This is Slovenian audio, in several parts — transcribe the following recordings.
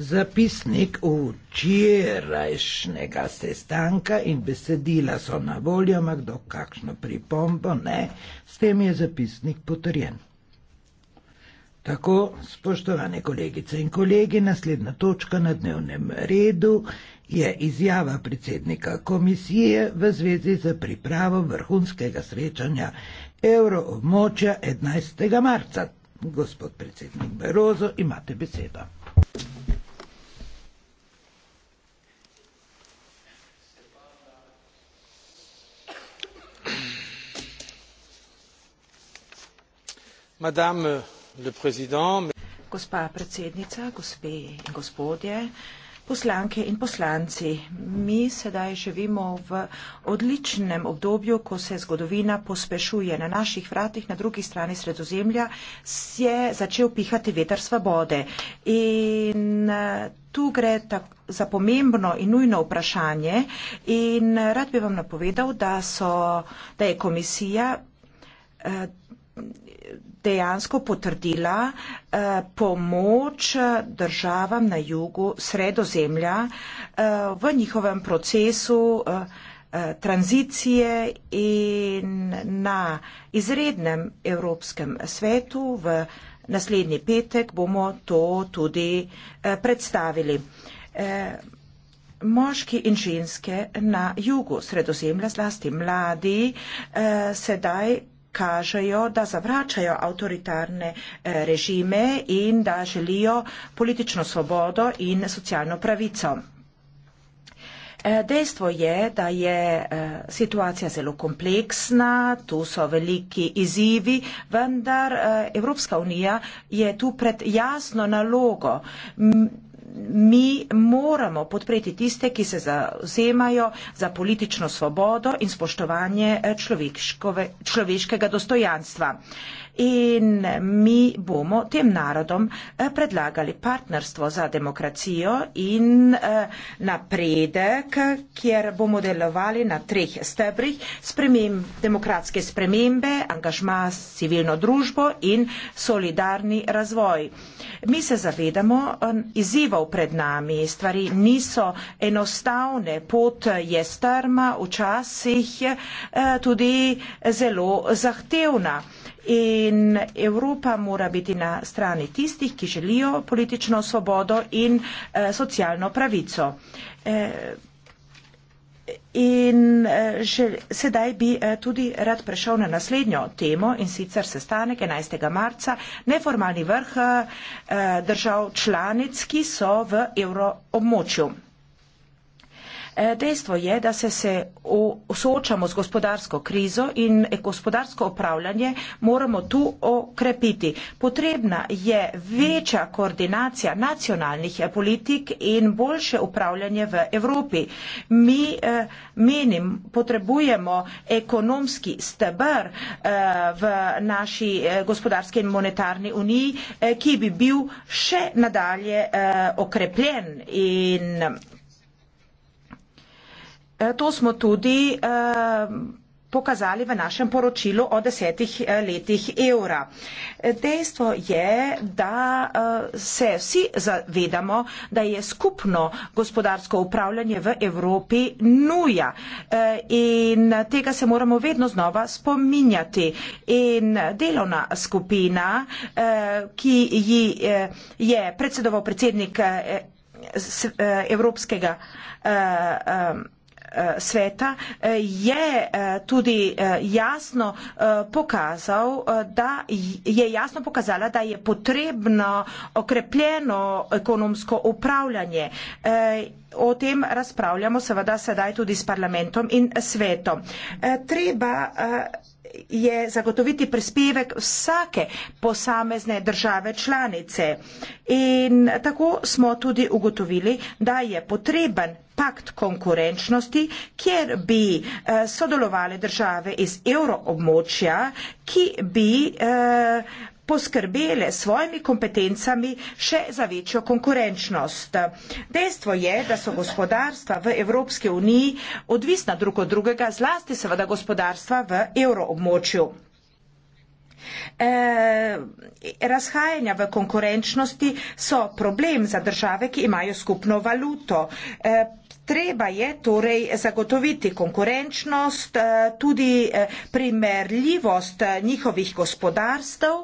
Zapisnik včerajšnjega sestanka in besedila so na voljo, ima kdo kakšno pripombo, ne, s tem je zapisnik potrjen. Tako, spoštovane kolegice in kolegi, naslednja točka na dnevnem redu je izjava predsednika komisije v zvezi z pripravo vrhunskega srečanja evroobmočja 11. marca. Gospod predsednik Berozo, imate besedo. Euh, gospa predsednica, gospe in gospodje, poslanke in poslanci. Mi sedaj živimo v odličnem obdobju, ko se zgodovina pospešuje. Na naših vratih, na drugi strani sredozemlja, je začel pihati veter svobode. In eh, tu gre za pomembno in nujno vprašanje. In eh, rad bi vam napovedal, da, so, da je komisija. Eh, dejansko potrdila eh, pomoč državam na jugu sredozemlja eh, v njihovem procesu eh, tranzicije in na izrednem Evropskem svetu v naslednji petek bomo to tudi predstavili. Moški in ženske na jugu sredozemlja, zlasti mladi, sedaj kažejo, da zavračajo avtoritarne eh, režime in da želijo politično svobodo in socialno pravico. Eh, dejstvo je, da je eh, situacija zelo kompleksna, tu so veliki izzivi, vendar Evropska unija je tu pred jasno nalogo mi moramo podpreti tiste, ki se zauzemajo za politično svobodo in spoštovanje eh, človeškega dostojanstva in mi bomo tem narodom eh, predlagali partnerstvo za demokracijo in eh, napredek, kjer bomo delovali na treh stebrih sprememb, demokratske spremembe, angažma s civilno družbo in solidarni razvoj. Mi se zavedamo eh, izzivov pred nami, stvari niso enostavne, pot je strma, včasih tudi zelo zahtevna. In Evropa mora biti na strani tistih, ki želijo politično svobodo in e, socialno pravico. E, In eh, že sedaj bi tudi rad prešel na naslednjo temo in sicer sestanek 11. marca, neformalni vrh držav članic, ki so v evroobmočju. E, dejstvo je, da se, se soočamo z gospodarsko krizo in gospodarsko upravljanje moramo tu okrepiti. Potrebna je večja koordinacija nacionalnih e, politik in boljše upravljanje v Evropi. Mi e, menim, potrebujemo ekonomski stebr v naši gospodarski in monetarni uniji, ki bi bil še nadalje okrepljen in Eh, to smo tudi eh, pokazali v našem poročilu o desetih eh, letih evra. Dejstvo je, da se vsi zavedamo, da je skupno gospodarsko upravljanje v Evropi nuja in tega se moramo vedno znova spominjati. In delovna skupina, ki ji je predsedoval predsednik Evropskega Eh, sveta eh, je eh, tudi jasno pokazal, da je jasno pokazala, da je potrebno okrepljeno ekonomsko upravljanje. O tem razpravljamo seveda sedaj tudi s parlamentom in svetom. Treba je zagotoviti prispevek vsake posamezne države članice. In tako smo tudi ugotovili, da je potreben pakt konkurenčnosti, kjer bi eh, sodelovali države iz evroobmočja, ki bi eh, poskrbele s svojimi kompetencami še za večjo konkurenčnost. Dejstvo je, da so gospodarstva v Evropske uniji odvisna drug od drugega, zlasti seveda gospodarstva v evroobmočju. E, razhajanja v konkurenčnosti so problem za države, ki imajo skupno valuto. E, Treba je torej zagotoviti konkurenčnost, eh, tudi eh, primerljivost eh, njihovih gospodarstv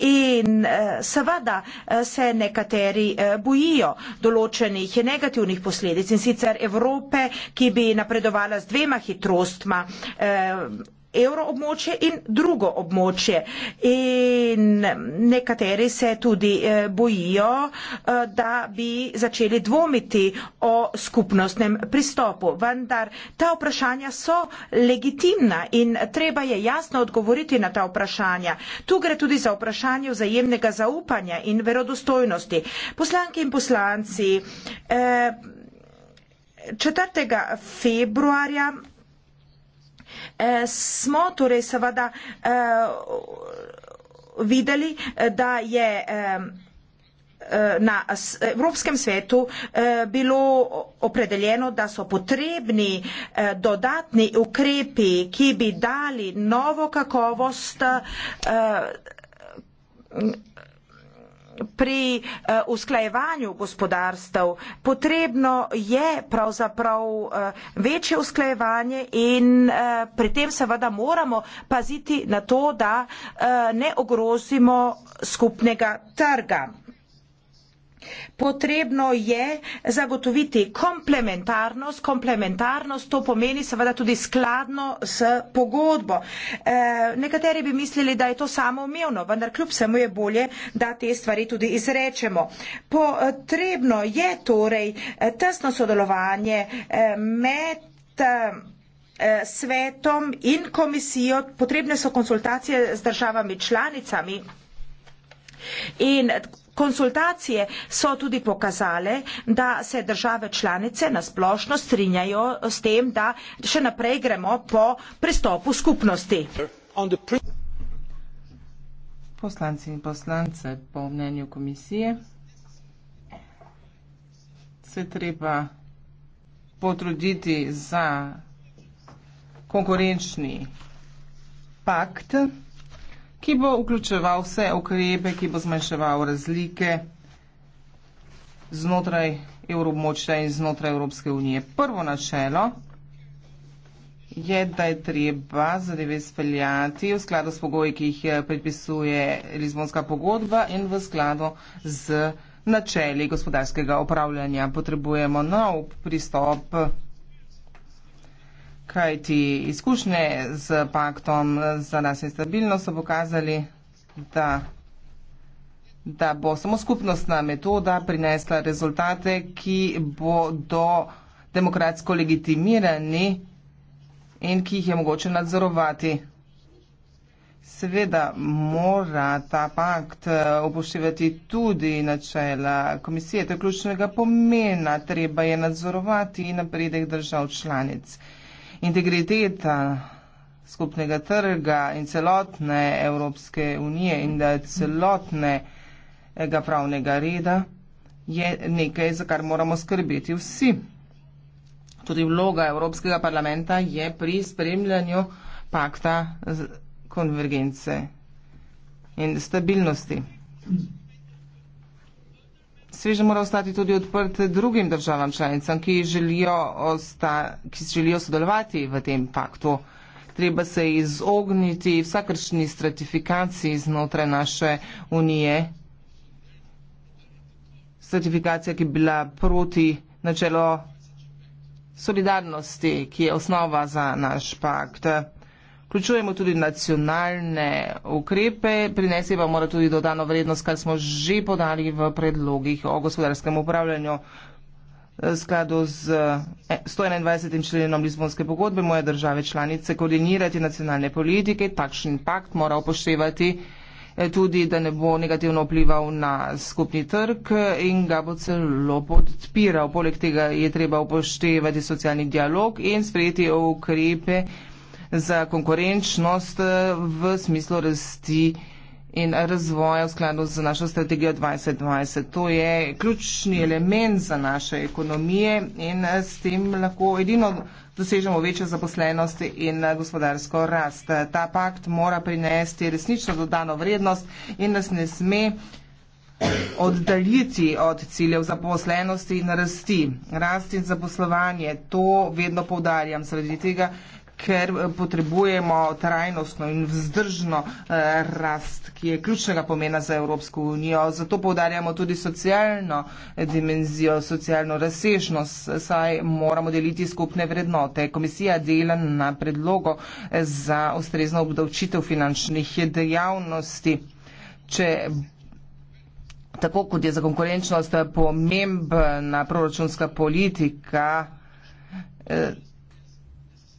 in seveda se nekateri bojijo določenih negativnih posledic in sicer Evrope, ki bi napredovala z dvema hitrostma evroobmočje in drugo območje. In nekateri se tudi eh, bojijo, eh, da bi začeli dvomiti o skupnostnem pristopu. Vendar ta vprašanja so legitimna in treba je jasno odgovoriti na ta vprašanja. Tu gre tudi za vprašanje vzajemnega zaupanja in verodostojnosti. Poslanke in poslanci, 4. Eh, februarja Eh, smo torej seveda eh, videli, eh, da je na Evropskem svetu bilo opredeljeno, da so potrebni dodatni ukrepi, ki bi dali novo kakovost pri eh, usklajevanju gospodarstv potrebno je pravzaprav eh, večje usklajevanje in eh, pri tem seveda moramo paziti na to, da ne ogrozimo skupnega trga. Potrebno je zagotoviti komplementarnost. Komplementarnost to pomeni seveda tudi skladno s pogodbo. E, nekateri bi mislili, da je to samoumevno, vendar kljub vsemu je bolje, da te stvari tudi izrečemo. Potrebno je torej e, tesno sodelovanje e, med e, svetom in komisijo, potrebne so konsultacije z državami članicami. In Konsultacije so tudi pokazale, da se države članice nasplošno strinjajo s tem, da še naprej gremo po pristopu skupnosti. Poslanci in poslance po mnenju komisije se treba potruditi za konkurenčni pakt ki bo vključeval vse ukrepe, ki bo zmanjševal razlike znotraj evromočja in znotraj Evropske unije. Prvo načelo je, da je treba zadeve speljati v skladu s pogoji, ki jih eh, predpisuje Lizbonska pogodba in v skladu z načeli gospodarskega upravljanja. Potrebujemo nov pristop kaj ti izkušnje z paktom za nas in stabilnost so pokazali, da, da bo samo skupnostna metoda prinesla rezultate, ki bodo demokratsko legitimirani in ki jih je mogoče nadzorovati. Seveda mora ta pakt eh, upoštevati tudi načela komisije, to je ključnega pomena, treba je nadzorovati napredek držav članic integriteta skupnega trga in celotne Evropske unije in da celotnega pravnega reda je nekaj, za kar moramo skrbeti vsi. Tudi vloga Evropskega parlamenta je pri spremljanju pakta konvergence in stabilnosti. Thank you sveže mora ostati tudi odprt drugim državam članicam, ki želijo, osta, ki želijo sodelovati v tem paktu. Treba se izogniti vsakršni stratifikaciji znotraj naše unije. Stratifikacija, ki je bila proti načelo solidarnosti, ki je osnova za naš pakt. Vključujemo tudi nacionalne ukrepe, prinesi pa mora tudi dodano vrednost, kar smo že podali v predlogih o gospodarskem upravljanju. Skladu z 121. E, členom Lizbonske pogodbe moje države članice koordinirati nacionalne politike, takšen pakt mora upoštevati e, tudi, da ne bo negativno vplival na skupni trg in ga bo celo podpiral. Poleg tega je treba upoštevati socialni dialog in sprejeti ukrepe za konkurenčnost eh, v smislu rasti in razvoja v skladu z našo strategijo 2020. To je ključni element za naše ekonomije in eh, s tem lahko edino dosežemo večjo zaposlenost in eh, gospodarsko rast. Ta pakt mora prinesti resnično dodano vrednost in nas ne sme oddaljiti od ciljev zaposlenosti in rasti. Rast in zaposlovanje, to vedno poudarjam, sredi tega ker eh, potrebujemo trajnostno in vzdržno eh, rast, ki je ključnega pomena za Evropsko unijo. Zato povdarjamo tudi socialno eh, dimenzijo, socialno razsežnost, saj moramo deliti skupne vrednote. Komisija dela na predlogo za ustrezno obdavčitev finančnih dejavnosti. Če tako kot je za konkurenčnost pomembna proračunska politika,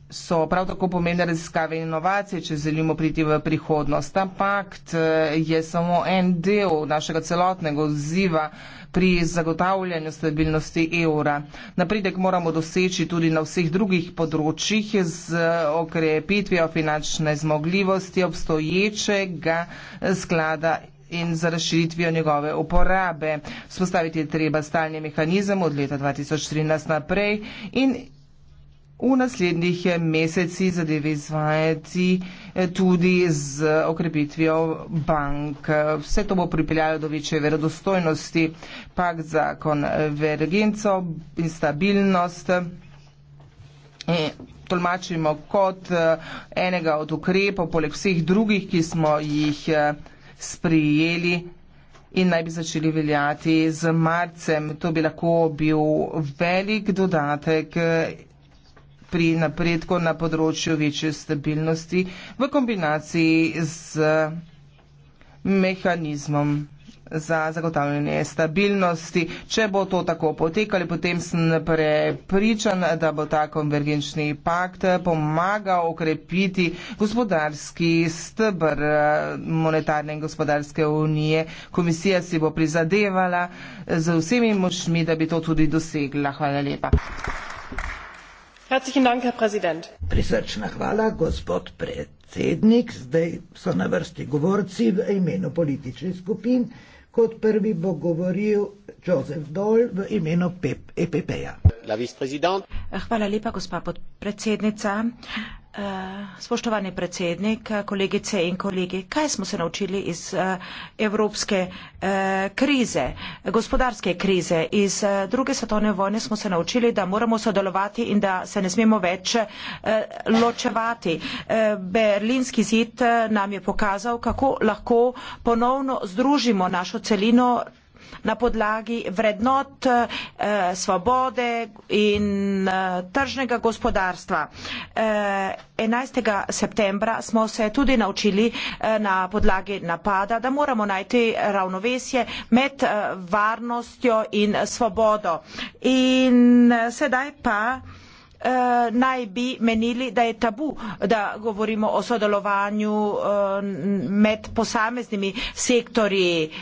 so prav tako pomembne raziskave in inovacije, če želimo priti v prihodnost. Ta pakt eh, je samo en del našega celotnega odziva pri zagotavljanju stabilnosti evra. Napredek moramo doseči tudi na vseh drugih področjih z okrepitvijo finančne zmogljivosti obstoječega sklada in za razširitvijo njegove uporabe. Spostaviti je treba stalni mehanizem od leta 2013 naprej in V naslednjih mesecih zadeve izvajati eh, tudi z okrepitvijo bank. Vse to bo pripeljalo do večje verodostojnosti, pak zakon vergenco in stabilnost. E, tolmačimo kot eh, enega od ukrepov, poleg vseh drugih, ki smo jih eh, sprijeli in naj bi začeli veljati z marcem. To bi lahko bil velik dodatek pri napredku na področju večje stabilnosti v kombinaciji z mehanizmom za zagotavljanje stabilnosti. Če bo to tako potekali, potem sem prepričan, da bo ta konvergenčni pakt pomagal okrepiti gospodarski stebr eh, monetarne in gospodarske unije. Komisija si bo prizadevala z vsemi močmi, da bi to tudi dosegla. Hvala lepa. Prisrčna hvala, gospod predsednik. Zdaj so na vrsti govorci v imenu političnih skupin. Kot prvi bo govoril Jozef Dol v imenu EPP-ja. E hvala lepa, gospa podpredsednica. Uh, Eh, spoštovani predsednik, kolegice in kolegi, kaj smo se naučili iz eh, evropske eh, krize, gospodarske krize? Iz druge svetovne vojne smo se naučili, da moramo sodelovati in da se ne smemo več ločevati. Berlinski zid nam je pokazal, kako lahko ponovno združimo našo celino na podlagi vrednot eh, svobode in eh, tržnega gospodarstva. 11. Eh, septembra smo se tudi naučili na podlagi napada, da moramo najti ravnovesje med varnostjo in svobodo. In sedaj pa naj bi menili, da je tabu, da govorimo o sodelovanju med posameznimi sektorji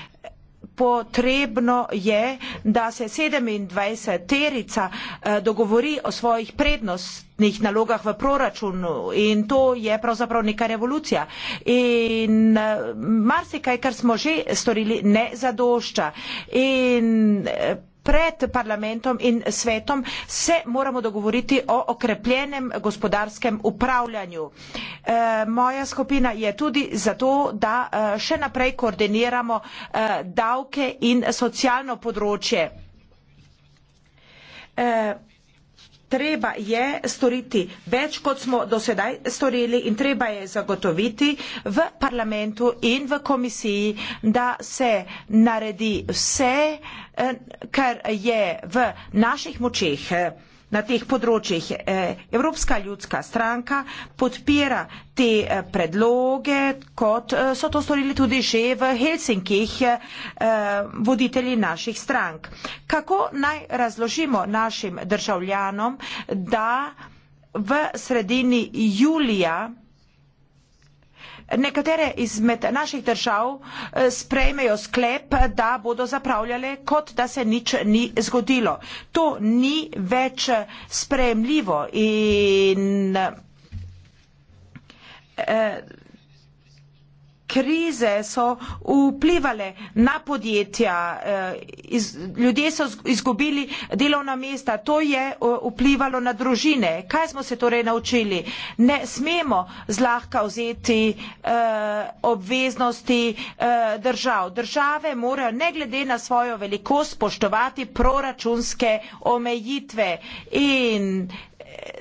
potrebno je, da se 27 terica eh, dogovori o svojih prednostnih nalogah v proračunu in to je pravzaprav neka revolucija. In eh, marsikaj, kar smo že storili, ne zadošča. In eh, pred parlamentom in svetom se moramo dogovoriti o okrepljenem gospodarskem upravljanju. Eh, moja skupina je tudi zato, da eh, še naprej koordiniramo eh, davke in socialno področje. Treba je storiti več, kot smo do sedaj storili in treba je zagotoviti v parlamentu in v komisiji, da se naredi vse, eh, kar je v naših močeh. Eh, na teh področjih. Eh, Evropska ljudska stranka podpira te eh, predloge, kot eh, so to storili tudi že v Helsinkih voditelji naših strank. Kako naj razložimo našim državljanom, da v sredini julija nekatere izmed naših držav eh, sprejmejo sklep, da bodo zapravljale, kot da se nič ni zgodilo. To ni več sprejemljivo in eh, krize so vplivale na podjetja, eh, iz, ljudje so izgubili delovna mesta, to je vplivalo na družine. Kaj smo se torej naučili? Ne smemo zlahka vzeti eh, obveznosti eh, držav. Države morajo ne glede na svojo velikost spoštovati proračunske omejitve in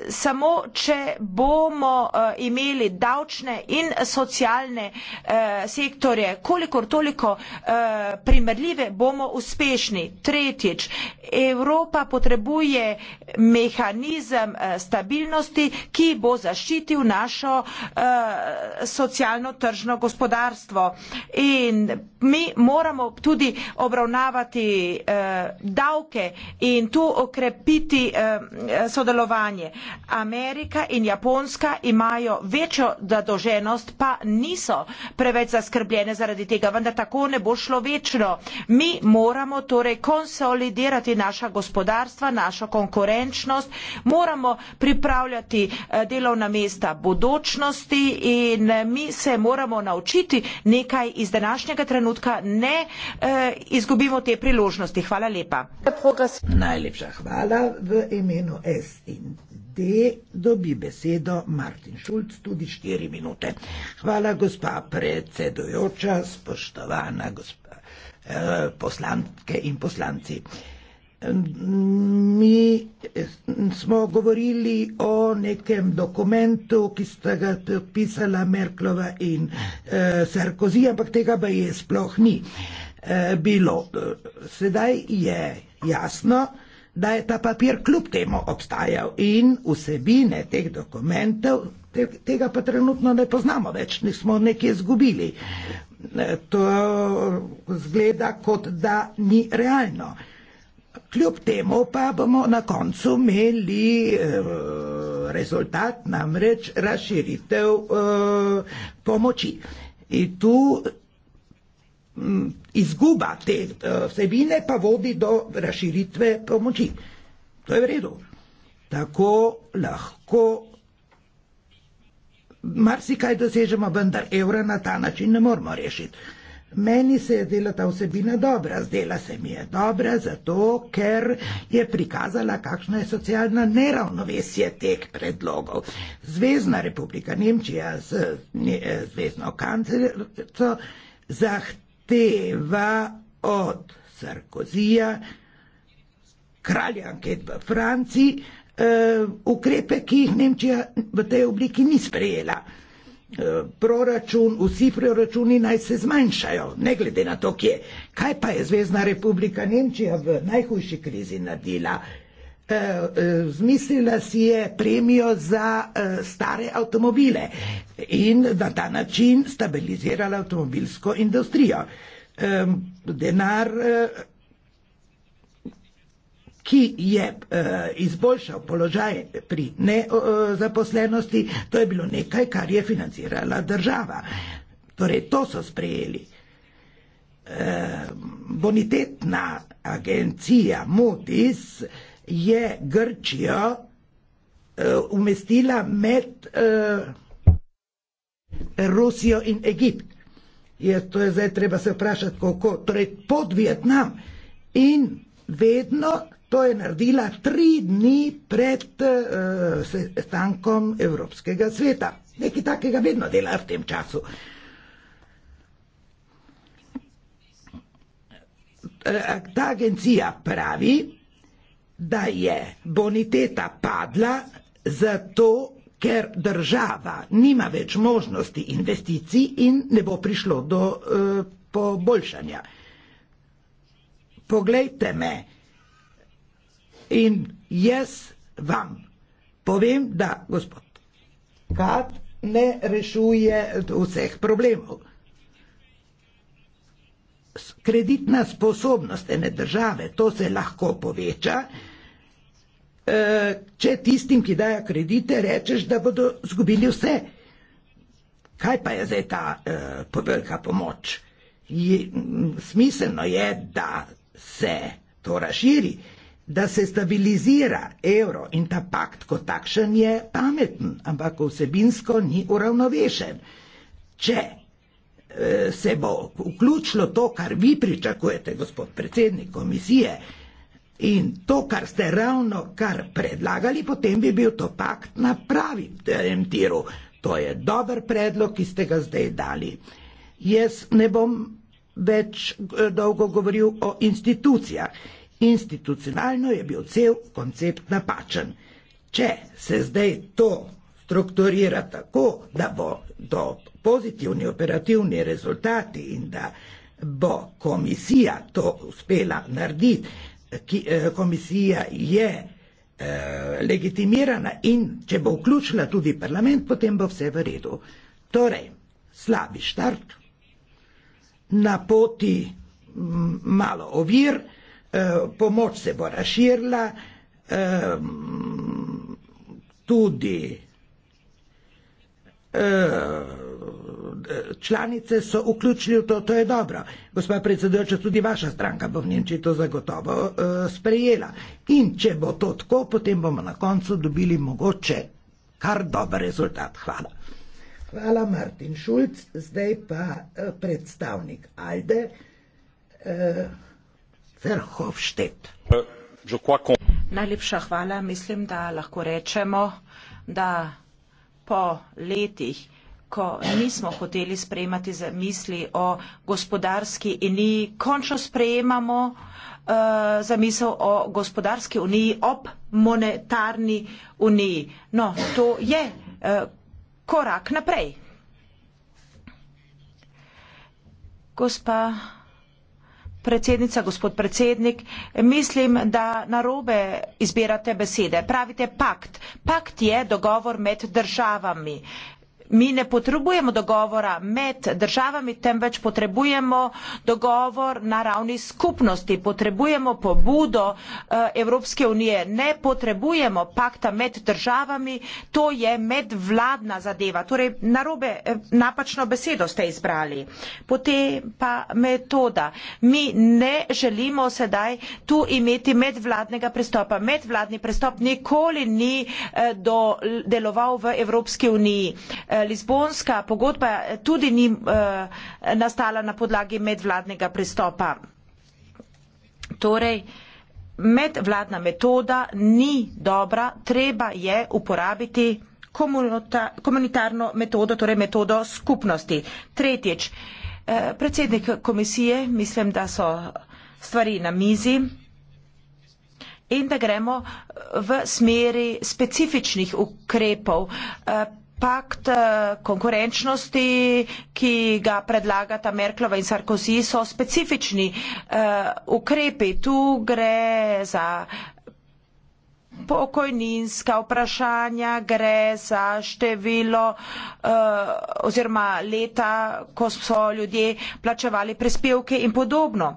samo če bomo eh, imeli davčne in socialne eh, sektorje kolikor toliko eh, primerljive, bomo uspešni. Tretjič, Evropa potrebuje mehanizem stabilnosti, ki bo zaščitil našo socialno tržno gospodarstvo. In mi moramo tudi obravnavati davke in tu okrepiti sodelovanje stanje. Amerika in Japonska imajo večjo zadoženost, pa niso preveč zaskrbljene zaradi tega, vendar tako ne bo šlo večno. Mi moramo torej konsolidirati naša gospodarstva, našo konkurenčnost, moramo pripravljati eh, delovna mesta bodočnosti in eh, mi se moramo naučiti nekaj iz današnjega trenutka, ne eh, izgubimo te priložnosti. Hvala lepa. Najlepša hvala v imenu S in De dobi besedo Martin Šulc, tudi štiri minute. Hvala, gospa predsedujoča, spoštovana gospa, eh, poslanke in poslanci. Mi eh, smo govorili o nekem dokumentu, ki sta ga podpisala Merklova in eh, Sarkozy, ampak tega pa je sploh ni eh, bilo. Eh, sedaj je jasno, da je ta papir kljub temu obstajal in vsebine teh dokumentov, te, tega pa trenutno ne poznamo več, nismo nekaj izgubili. E, to zgleda kot da ni realno. Kljub temu pa bomo na koncu imeli eh, rezultat, namreč razširitev eh, pomoči. In tu Mm, izguba te eh, vsebine pa vodi do razširitve pomoči. To je v redu. Tako lahko marsikaj dosežemo, vendar evra na ta način ne moramo rešiti. Meni se je zdela ta vsebina dobra, zdela se mi je dobra zato, ker je prikazala, kakšno je socialna neravnovesje teh predlogov. Zvezdna republika Nemčija z eh, zvezdno kanclerico zahteva, zahteva od Sarkozija, kralja anket v Franciji, uh, ukrepe, ki jih Nemčija v tej obliki ni sprejela. Eh, proračun, vsi proračuni naj se zmanjšajo, ne glede na to, kje. Kaj pa je Zvezdna republika Nemčija v najhujši krizi naredila? E, e, zmislila si je premijo za e, stare avtomobile in na ta način stabilizirala avtomobilsko industrijo. Denar, ki je izboljšal položaj pri nezaposlenosti, to je bilo nekaj, kar je financirala država. Torej, to so sprejeli. Bonitetna agencija Mutis je je Grčijo uh, eh, umestila med uh, Rusijo in Egipt. Je, to je zdaj treba se vprašati, kako, torej pod Vietnam. In vedno to je naredila tri dni pred uh, sestankom Evropskega sveta. Nekaj takega vedno dela v tem času. Ta agencija pravi, da je boniteta padla zato, ker država nima več možnosti investicij in ne bo prišlo do uh, poboljšanja. Poglejte me in jaz vam povem, da gospod Kat ne rešuje vseh problemov kreditna sposobnost ene države, to se lahko poveča, e, če tistim, ki dajo kredite, rečeš, da bodo zgubili vse. Kaj pa je zdaj ta e, velika pomoč? Smiselno je, da se to raširi, da se stabilizira evro in ta pakt kot takšen je pameten, ampak vsebinsko ni uravnovešen. Če se bo vključilo to, kar vi pričakujete, gospod predsednik komisije, in to, kar ste ravno kar predlagali, potem bi bil to pakt na pravem tiru. To je dober predlog, ki ste ga zdaj dali. Jaz ne bom več eh, dolgo govoril o institucijah. Institucionalno je bil cel koncept napačen. Če se zdaj to strukturira tako, da bo to pozitivni operativni rezultati in da bo komisija to uspela narediti, ki, eh, komisija je eh, legitimirana in če bo vključila tudi parlament, potem bo vse v redu. Torej, slabi štart, na poti malo ovir, eh, pomoč se bo razširila, eh, tudi članice so vključili v to, to je dobro. Gospa predsedujoča, tudi vaša stranka bo v Nemčiji to zagotovo e, sprejela. In če bo to tako, potem bomo na koncu dobili mogoče kar dober rezultat. Hvala. Hvala, Martin Šulc. Zdaj pa e, predstavnik Alde, Ferhofštet. E, Najlepša hvala. Mislim, da lahko rečemo, da po letih, ko nismo hoteli sprejemati za misli o gospodarski uniji, končno sprejemamo uh, za misel o gospodarski uniji ob monetarni uniji. No, to je uh, korak naprej. Gospa predsednica, gospod predsednik, mislim, da narobe izbirate besede. Pravite pakt. Pakt je dogovor med državami. Uh, mi ne potrebujemo dogovora med državami, temveč potrebujemo dogovor na ravni skupnosti, potrebujemo pobudo eh, Evropske unije, ne potrebujemo pakta med državami, to je medvladna zadeva. Torej, narobe, eh, napačno besedo ste izbrali. Potem pa metoda. Mi ne želimo sedaj tu imeti medvladnega prestopa. Medvladni prestop nikoli ni eh, do, deloval v Evropski uniji lizbonska pogodba tudi ni eh, nastala na podlagi medvladnega pristopa. Torej, medvladna metoda ni dobra, treba je uporabiti komunitarno metodo, torej metodo skupnosti. Tretjič, eh, predsednik komisije, mislim, da so stvari na mizi in da gremo v smeri specifičnih ukrepov, eh, pakt eh, konkurenčnosti, ki ga predlagata Merklova in Sarkozy, so specifični eh, ukrepi. Tu gre za pokojninska vprašanja, gre za število eh, oziroma leta, ko so ljudje plačevali prispevke in podobno.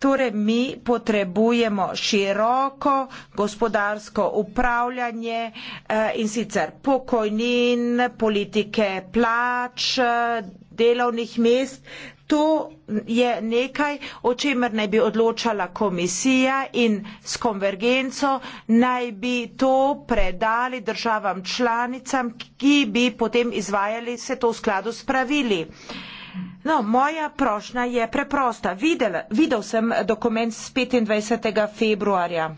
Torej, mi potrebujemo široko gospodarsko upravljanje eh, in sicer pokojnin, politike plač, eh, delovnih mest. To je nekaj, o čemer naj bi odločala komisija in s konvergenco naj bi to predali državam članicam, ki bi potem izvajali vse to v skladu s pravili. Uh, No, moja prošnja je preprosta. Videl, videl sem dokument z 25. februarja.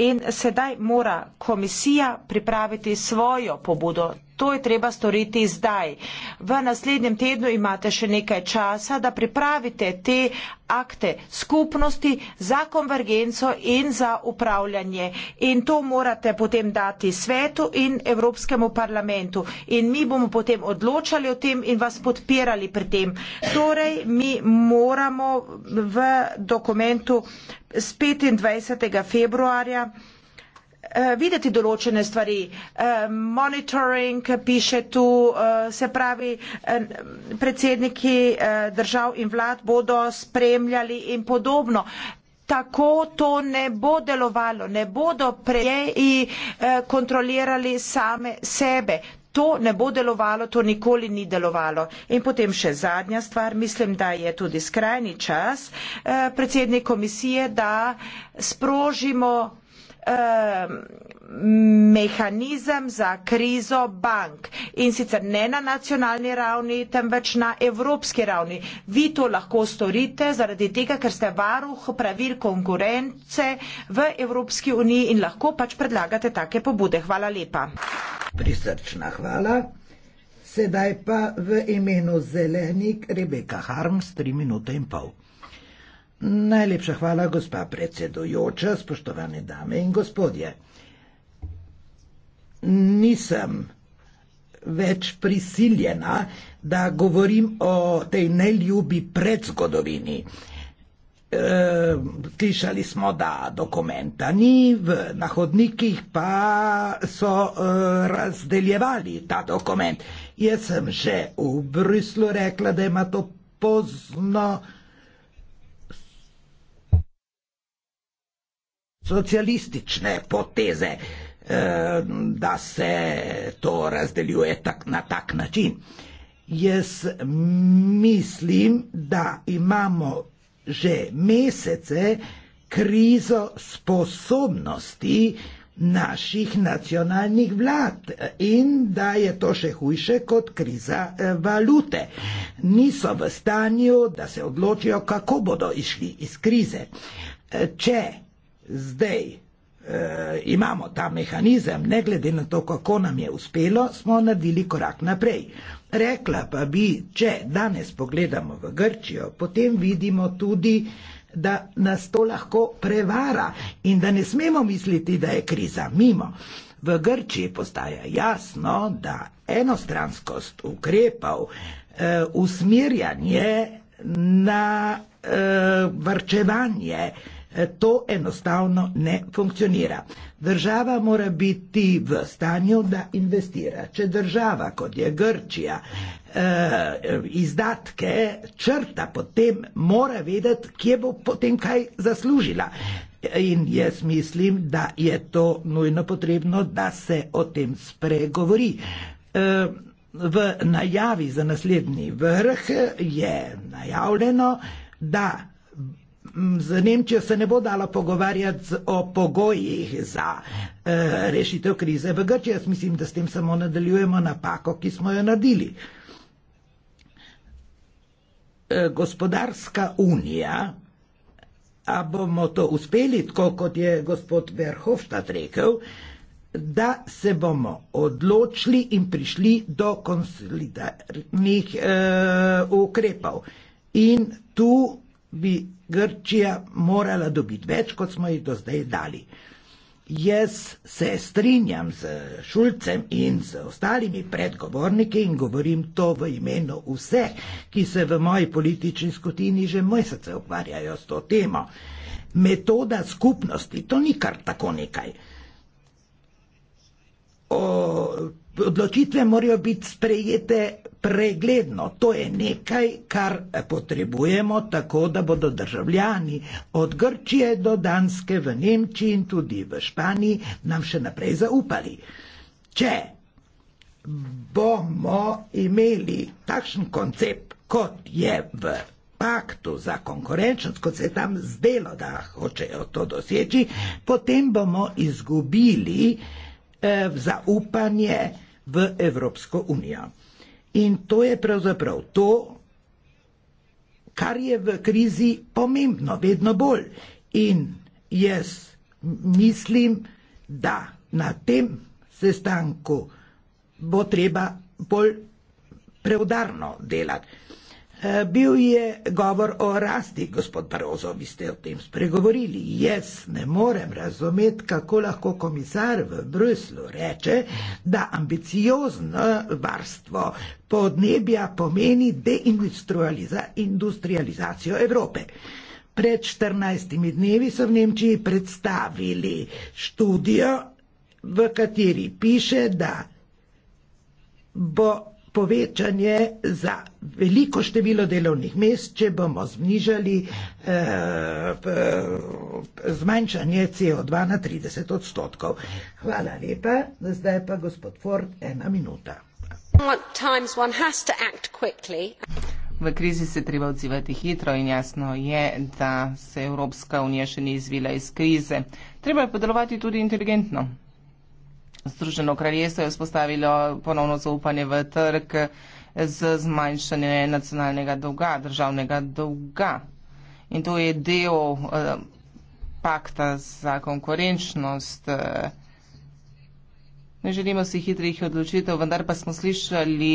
In sedaj mora komisija pripraviti svojo pobudo. To je treba storiti zdaj. V naslednjem tednu imate še nekaj časa, da pripravite te akte skupnosti za konvergenco in za upravljanje. In to morate potem dati svetu in Evropskemu parlamentu. In mi bomo potem odločali o tem in vas podpirali pri tem. Torej, mi moramo v dokumentu z 25. februarja Eh, videti določene stvari. Eh, monitoring piše tu, eh, se pravi, predsedniki držav in vlad bodo spremljali in podobno. Tako to ne bo delovalo, ne bodo prejeji kontrolirali same sebe. To ne bo delovalo, to nikoli ni delovalo. In potem še zadnja stvar, mislim, da je tudi skrajni čas, eh, predsednik komisije, da sprožimo mehanizem za krizo bank in sicer ne na nacionalni ravni, temveč na evropski ravni. Vi to lahko storite zaradi tega, ker ste varuh pravil konkurence v Evropski uniji in lahko pač predlagate take pobude. Hvala lepa. Prisrčna hvala. Sedaj pa v imenu zelenik Rebeka Harms, tri minute in pol. Najlepša hvala, gospa predsedujoča, spoštovane dame in gospodje. Nisem več prisiljena, da govorim o tej neljubi predzgodovini. E, slišali e, smo, da dokumenta ni, v nahodnikih pa so e, razdeljevali ta dokument. Jaz sem že v Bruslu rekla, da ima to pozno. socialistične poteze, eh, da se to razdeljuje tak, na tak način. Jaz mislim, da imamo že mesece krizo sposobnosti naših nacionalnih vlad in da je to še hujše kot kriza eh, valute. Niso v stanju, da se odločijo, kako bodo išli iz krize. Eh, če zdaj. E, imamo ta mehanizem, ne glede na to, kako nam je uspelo, smo naredili korak naprej. Rekla pa bi, če danes pogledamo v Grčijo, potem vidimo tudi, da nas to lahko prevara in da ne smemo misliti, da je kriza mimo. V Grčiji postaja jasno, da enostranskost ukrepov, e, usmerjanje na e, eh, vrčevanje, Eh, to enostavno ne funkcionira. Država mora biti v stanju, da investira. Če država, kot je Grčija, eh, izdatke črta, potem mora vedeti, kje bo potem kaj zaslužila. In jaz mislim, da je to nujno potrebno, da se o tem spregovori. Eh, v najavi za naslednji vrh je najavljeno, da z Nemčijo se ne bo dalo pogovarjati o pogojih za eh, rešitev krize v Grčiji. Jaz mislim, da s tem samo nadaljujemo napako, ki smo jo naredili. Eh, gospodarska unija, a bomo to uspeli, tako kot je gospod Verhofstadt rekel, da se bomo odločili in prišli do konsolidarnih eh, ukrepov. In tu bi Grčija morala dobiti več, kot smo jih do zdaj dali. Jaz se strinjam z Šulcem in z ostalimi predgovorniki in govorim to v imenu vseh, ki se v moji politični skupini že mesece ukvarjajo s to temo. Metoda skupnosti, to ni kar tako nekaj. O, odločitve morajo biti sprejete pregledno. To je nekaj, kar potrebujemo, tako da bodo državljani od Grčije do Danske v Nemčiji in tudi v Španiji nam še naprej zaupali. Če bomo imeli takšen koncept, kot je v paktu za konkurenčnost, kot se je tam zdelo, da hočejo to doseči, potem bomo izgubili eh, zaupanje v Evropsko unijo. In to je pravzaprav to, kar je v krizi pomembno, vedno bolj. In jaz mislim, da na tem sestanku bo treba bolj preudarno delati. Eh, bil je govor o rasti, gospod Barozo, vi ste o tem spregovorili. Jaz ne morem razumeti, kako lahko komisar v Bruslu reče, da ambiciozno varstvo podnebja pomeni deindustrializacijo Evrope. Pred 14 dnevi so v Nemčiji predstavili študijo, v kateri piše, da bo povečanje za veliko število delovnih mest, če bomo znižali eh, eh zmanjšanje CO2 na 30 odstotkov. Hvala lepa, zdaj pa gospod Ford, ena minuta. V krizi se treba odzivati hitro in jasno je, da se Evropska unija še ni izvila iz krize. Treba je podelovati tudi inteligentno. Združeno kraljestvo je vzpostavilo ponovno zaupanje v trg z zmanjšanje nacionalnega dolga, državnega dolga. In to je del eh, pakta za konkurenčnost. Eh. Ne želimo si hitrih odločitev, vendar pa smo slišali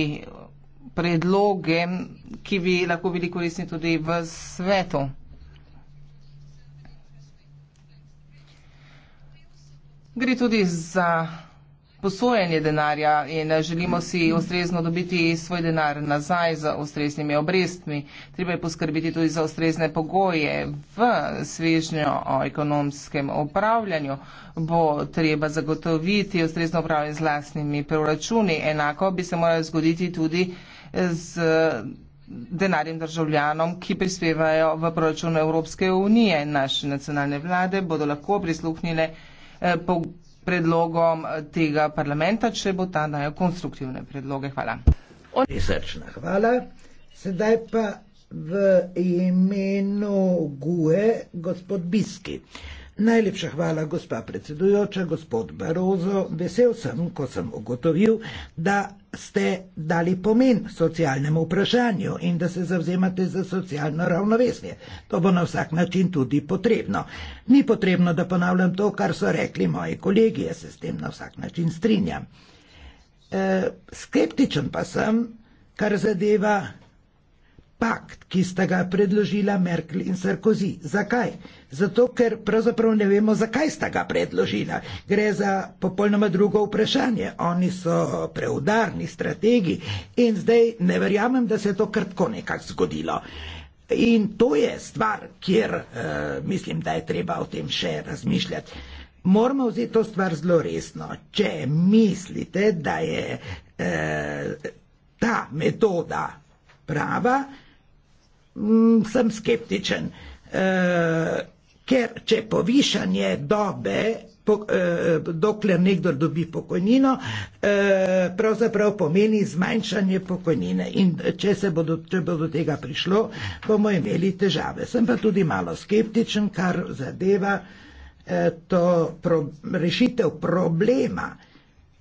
predloge, ki bi lahko bili koristni tudi v svetu. Gre tudi za posojanje denarja in eh, želimo si ustrezno dobiti svoj denar nazaj z ustreznimi obrestmi. Treba je poskrbiti tudi za ustrezne pogoje. V svežnjo o ekonomskem upravljanju bo treba zagotoviti ustrezno upravljanje z lastnimi proračuni. Enako bi se moralo zgoditi tudi z denarjem državljanom, ki prispevajo v proračun Evropske unije. Naše nacionalne vlade bodo lahko prisluhnile eh, predlogom eh, tega parlamenta, če bo ta dajal konstruktivne predloge. Hvala. Resečna hvala. Sedaj pa v imenu GUE gospod Biski. Najlepša hvala, gospa predsedujoča, gospod Barozo. Vesel sem, ko sem ugotovil, da ste dali pomen socialnemu vprašanju in da se zavzemate za socialno ravnovesje. To bo na vsak način tudi potrebno. Ni potrebno, da ponavljam to, kar so rekli moji kolegi, jaz se s tem na vsak način strinjam. E, skeptičen pa sem, kar zadeva pakt, ki sta ga predložila Merkel in Sarkozy. Zakaj? Zato, ker pravzaprav ne vemo, zakaj sta ga predložila. Gre za popolnoma drugo vprašanje. Oni so preudarni strategi in zdaj ne verjamem, da se je to krtko nekako zgodilo. In to je stvar, kjer uh, mislim, da je treba o tem še razmišljati. Moramo vzeti to stvar zelo resno. Če mislite, da je uh, ta metoda prava, Mm, sem skeptičen, e, ker če povišanje dobe, e, dokler nekdo dobi pokojnino, e, pravzaprav pomeni zmanjšanje pokojnine in če, bodo, če bo do tega prišlo, bomo imeli težave. Sem pa tudi malo skeptičen, kar zadeva to pro, rešitev problema.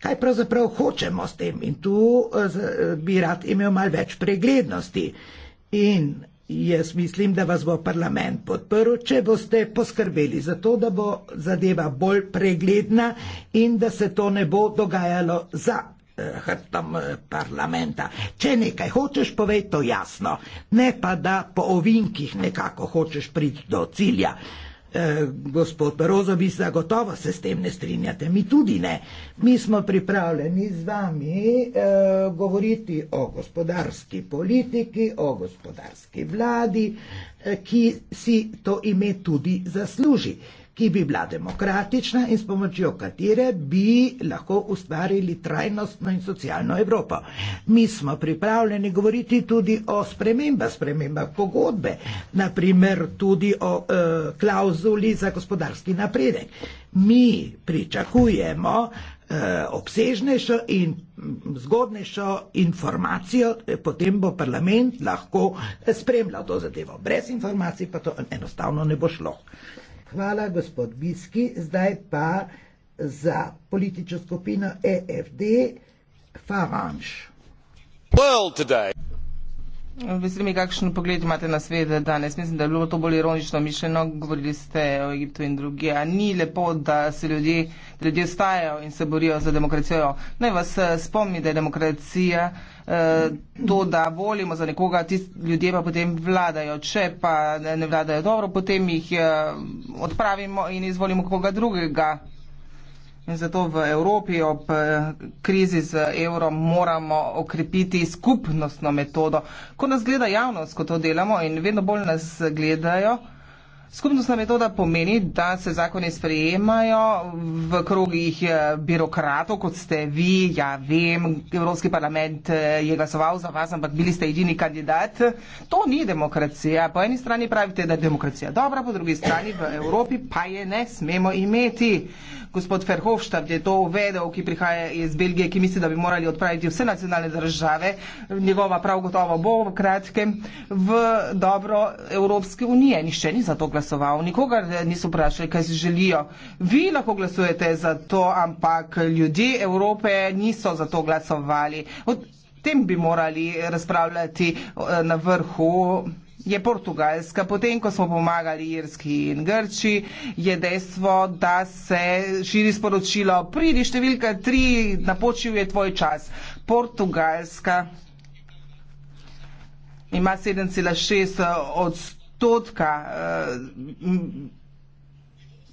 Kaj pravzaprav hočemo s tem? In tu bi rad imel malce več preglednosti. In Jaz mislim, da vas bo parlament podprl, če boste poskrbeli za to, da bo zadeva bolj pregledna in da se to ne bo dogajalo za eh, hrtom eh, parlamenta. Če nekaj hočeš, povej to jasno, ne pa da po ovinkih nekako hočeš priti do cilja gospod Barozo, vi zagotovo se s tem ne strinjate, mi tudi ne. Mi smo pripravljeni z vami e, govoriti o gospodarski politiki, o gospodarski vladi, e, ki si to ime tudi zasluži ki bi bila demokratična in s pomočjo katere bi lahko ustvarili trajnostno in socialno Evropo. Mi smo pripravljeni govoriti tudi o spremembah, spremembah pogodbe, naprimer tudi o e, klauzuli za gospodarski napredek. Mi pričakujemo e, obsežnejšo in zgodnejšo informacijo, e, potem bo parlament lahko e, spremljal to zadevo. Brez informacij pa to enostavno ne bo šlo. Hvala, gospod Biski. Zdaj pa za politično skupino EFD Favanš. World today. Veseli me, kakšen pogled imate na svet danes. Mislim, da je bilo to bolj ironično mišljeno, govorili ste o Egiptu in drugi. A ni lepo, da se ljudje, da ljudje stajajo in se borijo za demokracijo. Naj vas eh, spomni, da je demokracija eh, to, da volimo za nekoga, ti ljudje pa potem vladajo. Če pa ne vladajo dobro, potem jih eh, odpravimo in izvolimo koga drugega. In zato v Evropi ob eh, krizi z evrom moramo okrepiti skupnostno metodo. Ko nas gleda javnost, ko to delamo in vedno bolj nas gledajo, Skupnostna metoda pomeni, da se zakoni sprejemajo v krogih eh, birokratov, kot ste vi. Ja, vem, Evropski parlament eh, je glasoval za vas, ampak bili ste edini kandidat. To ni demokracija. Po eni strani pravite, da je demokracija dobra, po drugi strani v Evropi pa je ne smemo imeti. Gospod Ferhofštad je to uvedel, ki prihaja iz Belgije, ki misli, da bi morali odpraviti vse nacionalne države. Njegova prav gotovo bo v kratkem v dobro Evropske unije. Nišče ni za to glasoval glasoval. Nikogar niso vprašali, kaj si želijo. Vi lahko glasujete za to, ampak ljudje Evrope niso za to glasovali. O tem bi morali razpravljati eh, na vrhu. Je Portugalska, potem ko smo pomagali Irski in Grči, je dejstvo, da se širi sporočilo, pridi številka tri, napočil je tvoj čas. Portugalska ima 7,6 odstotkov odstotka.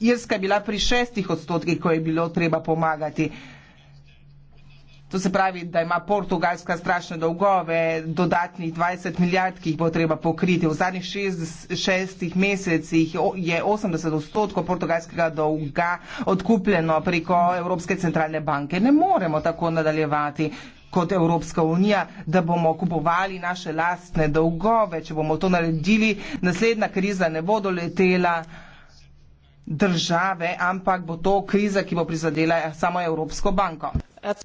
Eh, Irska je bila pri šestih odstotkih, ko je bilo treba pomagati. To se pravi, da ima Portugalska strašne dolgove, dodatnih 20 milijard, ki jih bo treba pokriti. V zadnjih šestih mesecih je 80 odstotkov portugalskega dolga odkupljeno preko Evropske centralne banke. Ne moremo tako nadaljevati kot Evropska unija, da bomo kupovali naše lastne dolgove. Če bomo to naredili, naslednja kriza ne bo doletela države, ampak bo to kriza, ki bo prizadela samo Evropsko banko.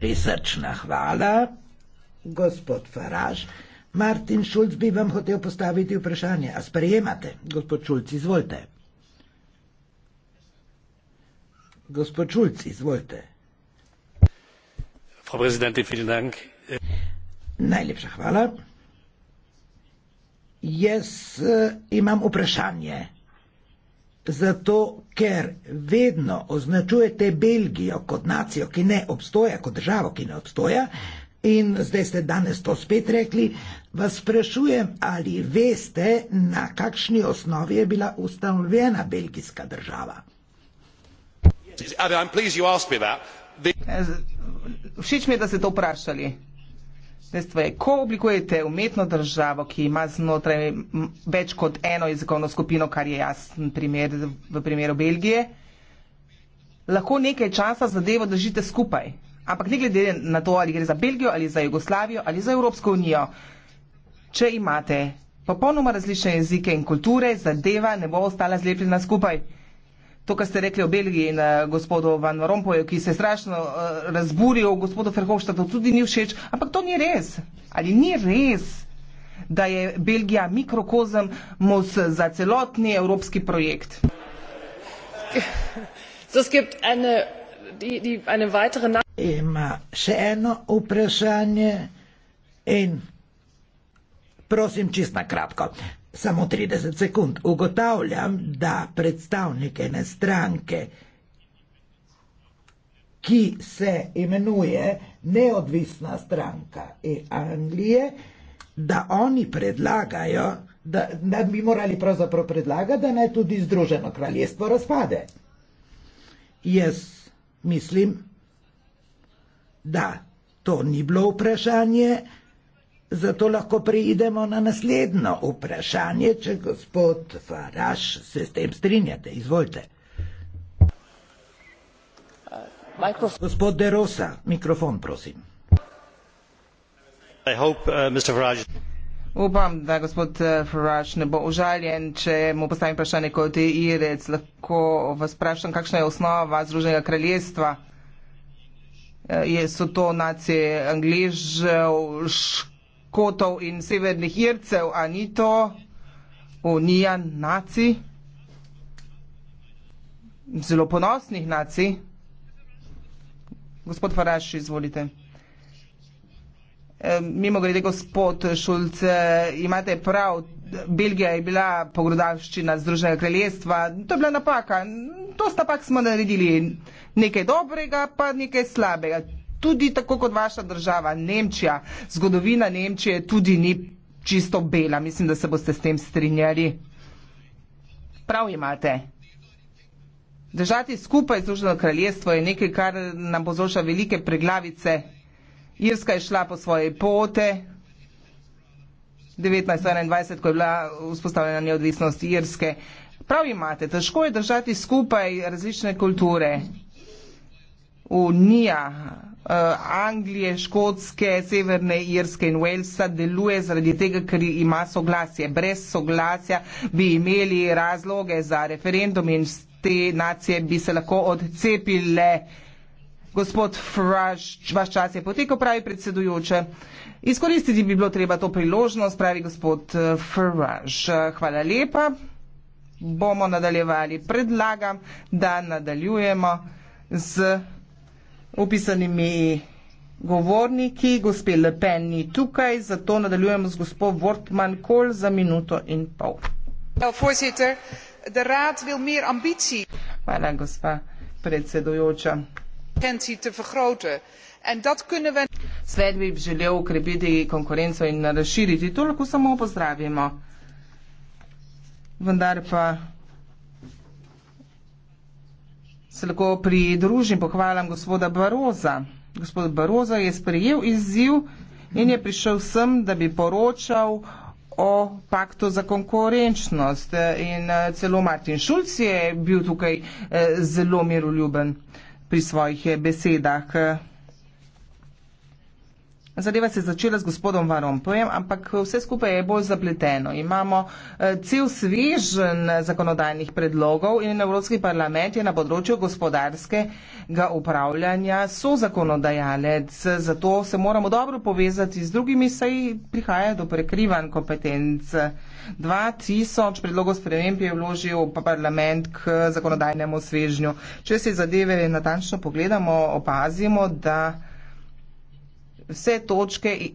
Pisečna hvala, gospod Faraž. Martin Šulc bi vam hotel postaviti vprašanje. A sprejemate, gospod Šulc, izvolite. Gospod Šulc, izvolite. Najlepša hvala. Jaz e, imam vprašanje. Zato, ker vedno označujete Belgijo kot nacijo, ki ne obstoja, kot državo, ki ne obstoja, in zdaj ste danes to spet rekli, vas sprašujem, ali veste, na kakšni osnovi je bila ustanovljena belgijska država. Yes, Všeč mi je, da ste to vprašali. Je, ko oblikujete umetno državo, ki ima znotraj več kot eno jezikovno skupino, kar je jasen primer v primeru Belgije, lahko nekaj časa zadevo držite skupaj. Ampak ne glede na to, ali gre za Belgijo, ali za Jugoslavijo, ali za Evropsko unijo. Če imate popolnoma različne jezike in kulture, zadeva ne bo ostala zlepljena skupaj to, kar ste rekli o Belgiji in eh, gospodu Van Rompuyju, ki se je strašno eh, razburil, gospodu Ferhovštatu tudi ni všeč, ampak to ni res. Ali ni res, da je Belgija mikrokozem mus za celotni evropski projekt? Ima še eno vprašanje in prosim čist na kratko. Samo 30 sekund. Ugotavljam, da predstavnik ene stranke, ki se imenuje neodvisna stranka iz Anglije, da oni predlagajo, da, da bi morali pravzaprav predlagati, da naj tudi Združeno kraljestvo razpade. Jaz mislim, da to ni bilo vprašanje. Zato lahko preidemo na naslednjo vprašanje, če gospod Faraš se s tem strinjate. Izvolite. Uh, gospod De Rosa, mikrofon, prosim. Hope, uh, Upam, da gospod uh, Faraš ne bo užaljen, če mu postavim vprašanje kot Irec. Lahko vas vprašam, kakšna je osnova Združenega kraljestva? Uh, so to nacije Angližev, Škoda? kotov in severnih ircev, a ni to unija naci, zelo ponosnih naci. Gospod Faraš, izvolite. Mimo grede, gospod Šulce, eh, imate prav, Belgija je bila pogrodavščina Združenega kraljestva, to je bila napaka, to sta pak smo naredili nekaj dobrega, pa nekaj slabega tudi tako kot vaša država, Nemčija, zgodovina Nemčije tudi ni čisto bela. Mislim, da se boste s tem strinjali. Prav imate. Držati skupaj Združeno kraljestvo je nekaj, kar nam povzroča velike preglavice. Irska je šla po svoje pote. 1921, ko je bila vzpostavljena neodvisnost Irske. Prav imate, težko je držati skupaj različne kulture. Unija, Eh, Anglije, Škotske, Severne Irske in Walesa deluje zaradi tega, ker ima soglasje. Brez soglasja bi imeli razloge za referendum in te nacije bi se lahko odcepile. Gospod Fraž, vaš čas je potekel, pravi predsedujoče. Izkoristiti bi bilo treba to priložnost, pravi gospod eh, Fraž. Hvala lepa. Bomo nadaljevali. Predlagam, da nadaljujemo z opisanimi govorniki. Gospe Le Pen ni tukaj, zato nadaljujemo z gospod Wortman Kohl za minuto in pol. Hvala, gospa predsedujoča. We... Svet bi želel ukrepiti konkurenco in razširiti. To lahko samo pozdravimo. Vendar pa se lahko pridružim pohvalam gospoda Baroza. Gospod Baroza je sprejel izziv in je prišel sem, da bi poročal o paktu za konkurenčnost. In eh, celo Martin Šulc je bil tukaj eh, zelo miroljuben pri svojih eh, besedah. Zadeva se je začela z gospodom Varompojem, ampak vse skupaj je bolj zapleteno. Imamo eh, cel svežen zakonodajnih predlogov in Evropski parlament je na področju gospodarskega upravljanja so zakonodajalec, zato se moramo dobro povezati z drugimi, saj prihaja do prekrivan kompetenc. 2000 predlogov sprememb je vložil parlament k zakonodajnemu svežnju. Če se zadeve natančno pogledamo, opazimo, da vse točke,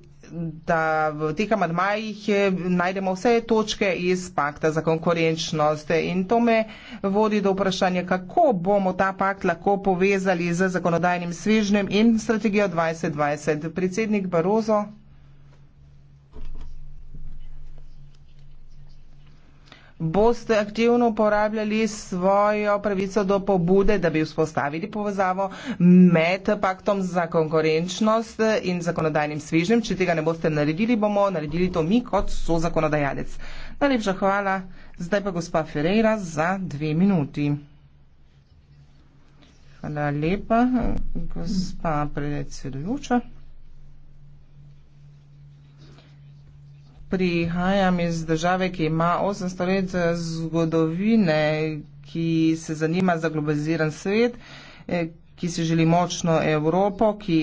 da v teh amadmajih eh, najdemo vse točke iz pakta za konkurenčnost. In to me vodi do vprašanja, kako bomo ta pakt lahko povezali z zakonodajnim svežnjem in strategijo 2020. Predsednik Barozo. boste aktivno uporabljali svojo pravico do pobude, da bi vzpostavili povezavo med paktom za konkurenčnost in zakonodajnim svižnjem. Če tega ne boste naredili, bomo naredili to mi kot so zakonodajalec. Najlepša hvala. Zdaj pa gospa Ferreira za dve minuti. Hvala lepa, gospa predsedujoča. prihajam iz države, ki ima 800 let zgodovine, ki se zanima za globaliziran svet, eh, ki si želi močno Evropo, ki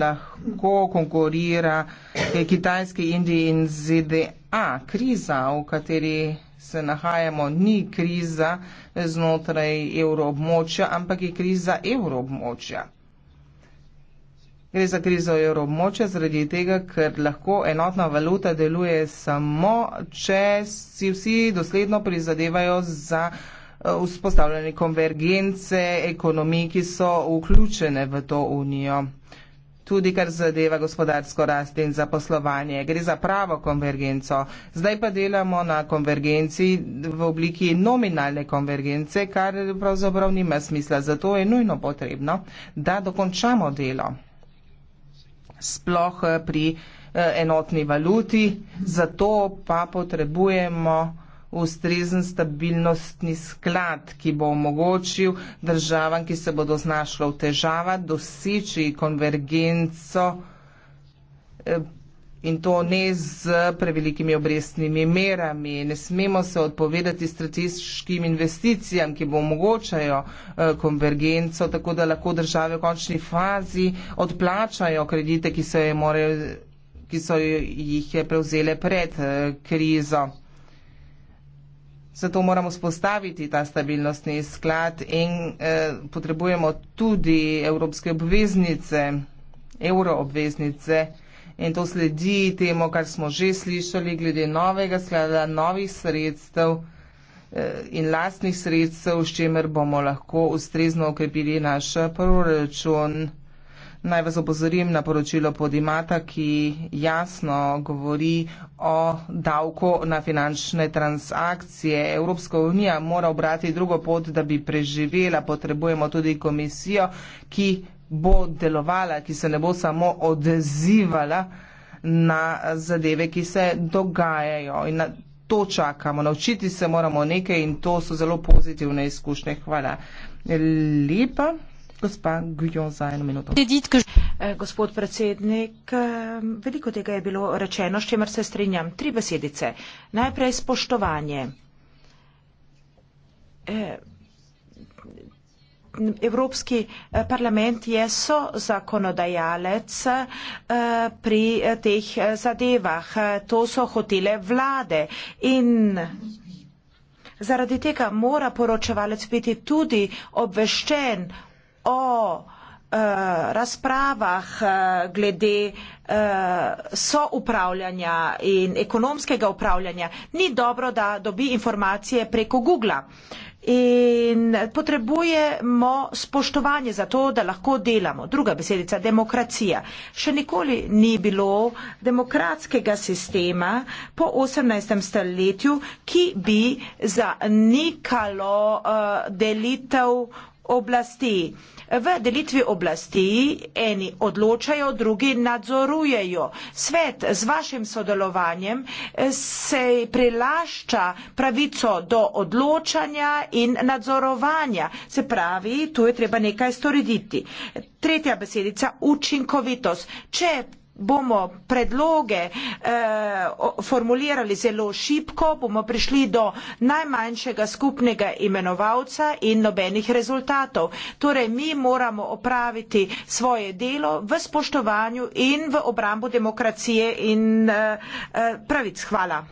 lahko konkurira eh, Kitajski, Indiji in ZDA. Kriza, v kateri se nahajamo, ni kriza eh, znotraj evroobmočja, ampak je kriza evroobmočja. Gre za krizo evroobmočja zaradi tega, ker lahko enotna valuta deluje samo, če si vsi dosledno prizadevajo za eh, vzpostavljanje konvergence ekonomij, ki so vključene v to unijo. Tudi kar zadeva gospodarsko rast in zaposlovanje. Gre za pravo konvergenco. Zdaj pa delamo na konvergenci v obliki nominalne konvergence, kar pravzaprav nima smisla. Zato je nujno potrebno, da dokončamo delo sploh eh, pri eh, enotni valuti, zato pa potrebujemo ustrezen stabilnostni sklad, ki bo omogočil državam, ki se bodo znašle v težava, doseči konvergenco eh, in to ne z prevelikimi obrestnimi merami. Ne smemo se odpovedati strateškim investicijam, ki bo omogočajo eh, konvergenco, tako da lahko države v končni fazi odplačajo kredite, ki so, morajo, ki so jih prevzele pred eh, krizo. Zato moramo spostaviti ta stabilnostni sklad in eh, potrebujemo tudi evropske obveznice, evroobveznice in to sledi temu, kar smo že slišali glede novega sklada, novih sredstev eh, in lastnih sredstev, s čimer bomo lahko ustrezno okrepili naš proračun. Naj vas opozorim na poročilo Podimata, ki jasno govori o davku na finančne transakcije. Evropska unija mora obrati drugo pot, da bi preživela. Potrebujemo tudi komisijo, ki bo delovala, ki se ne bo samo odzivala na zadeve, ki se dogajajo. In na to čakamo. Naučiti se moramo nekaj in to so zelo pozitivne izkušnje. Hvala lepa. Gospa Gujon za eno minuto. Eh, gospod predsednik, eh, veliko tega je bilo rečeno, s čemer se strinjam. Tri besedice. Najprej spoštovanje. E, Evropski eh, parlament je so zakonodajalec eh, pri eh, teh zadevah. To so hotele vlade in zaradi tega mora poročevalec biti tudi obveščen o Eh, razpravah eh, glede eh, soupravljanja in ekonomskega upravljanja ni dobro, da dobi informacije preko Google. In potrebujemo spoštovanje za to, da lahko delamo. Druga besedica, demokracija. Še nikoli ni bilo demokratskega sistema po 18. stoletju, ki bi zanikalo uh, delitev oblasti. V delitvi oblasti eni odločajo, drugi nadzorujejo. Svet z vašim sodelovanjem eh, se prilašča pravico do odločanja in nadzorovanja. Se pravi, tu je treba nekaj storiditi. Tretja besedica, učinkovitost. Če bomo predloge eh, formulirali zelo šipko, bomo prišli do najmanjšega skupnega imenovalca in nobenih rezultatov. Torej, mi moramo opraviti svoje delo v spoštovanju in v obrambo demokracije in eh, eh pravic. Hvala.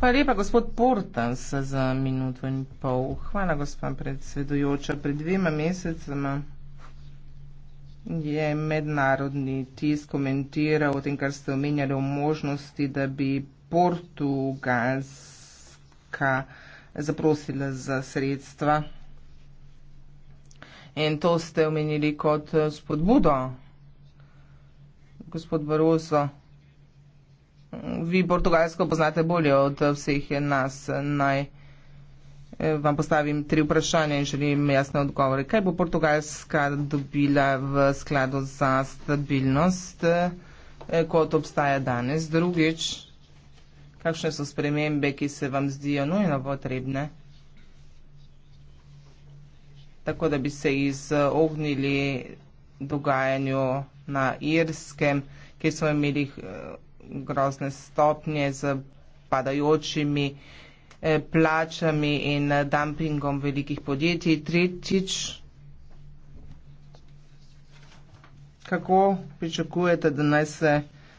Hvala lepa, gospod Portas, za minuto in pol. Hvala, gospod predsedujoča. Pred dvema mesecema je mednarodni tisk komentiral o tem, kar ste omenjali o možnosti, da bi Portugalska zaprosila za sredstva. In to ste omenili kot spodbudo. Gospod Baroso, vi portugalsko poznate bolje od vseh nas naj vam postavim tri vprašanja in želim jasne odgovore. Kaj bo Portugalska dobila v skladu za stabilnost, eh, kot obstaja danes? Drugič, kakšne so spremembe, ki se vam zdijo nujno potrebne? Tako da bi se izognili dogajanju na Irskem, kjer smo imeli eh, grozne stopnje z padajočimi. Eh, plačami in dumpingom velikih podjetij. Tretjič, kako pričakujete, da naj se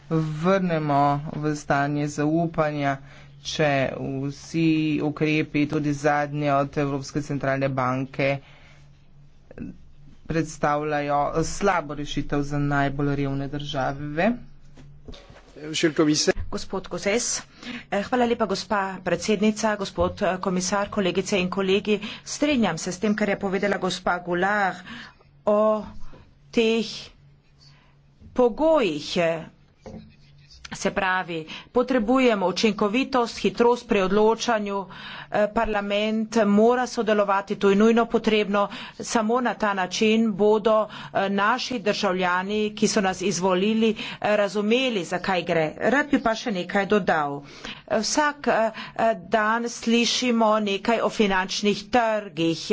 vrnemo v stanje zaupanja, če vsi ukrepi, tudi zadnje od Evropske centralne banke, predstavljajo slabo rešitev za najbolj revne države? gospod Gozes. Eh, hvala lepa, gospa predsednica, gospod eh, komisar, kolegice in kolegi. Strenjam se s tem, kar je povedala gospa Gular o teh pogojih eh, Se pravi, potrebujemo učinkovitost, hitrost pri odločanju, eh, parlament mora sodelovati, to je nujno potrebno, samo na ta način bodo eh, naši državljani, ki so nas izvolili, eh, razumeli, zakaj gre. Rad bi pa še nekaj dodal. Vsak dan slišimo nekaj o finančnih trgih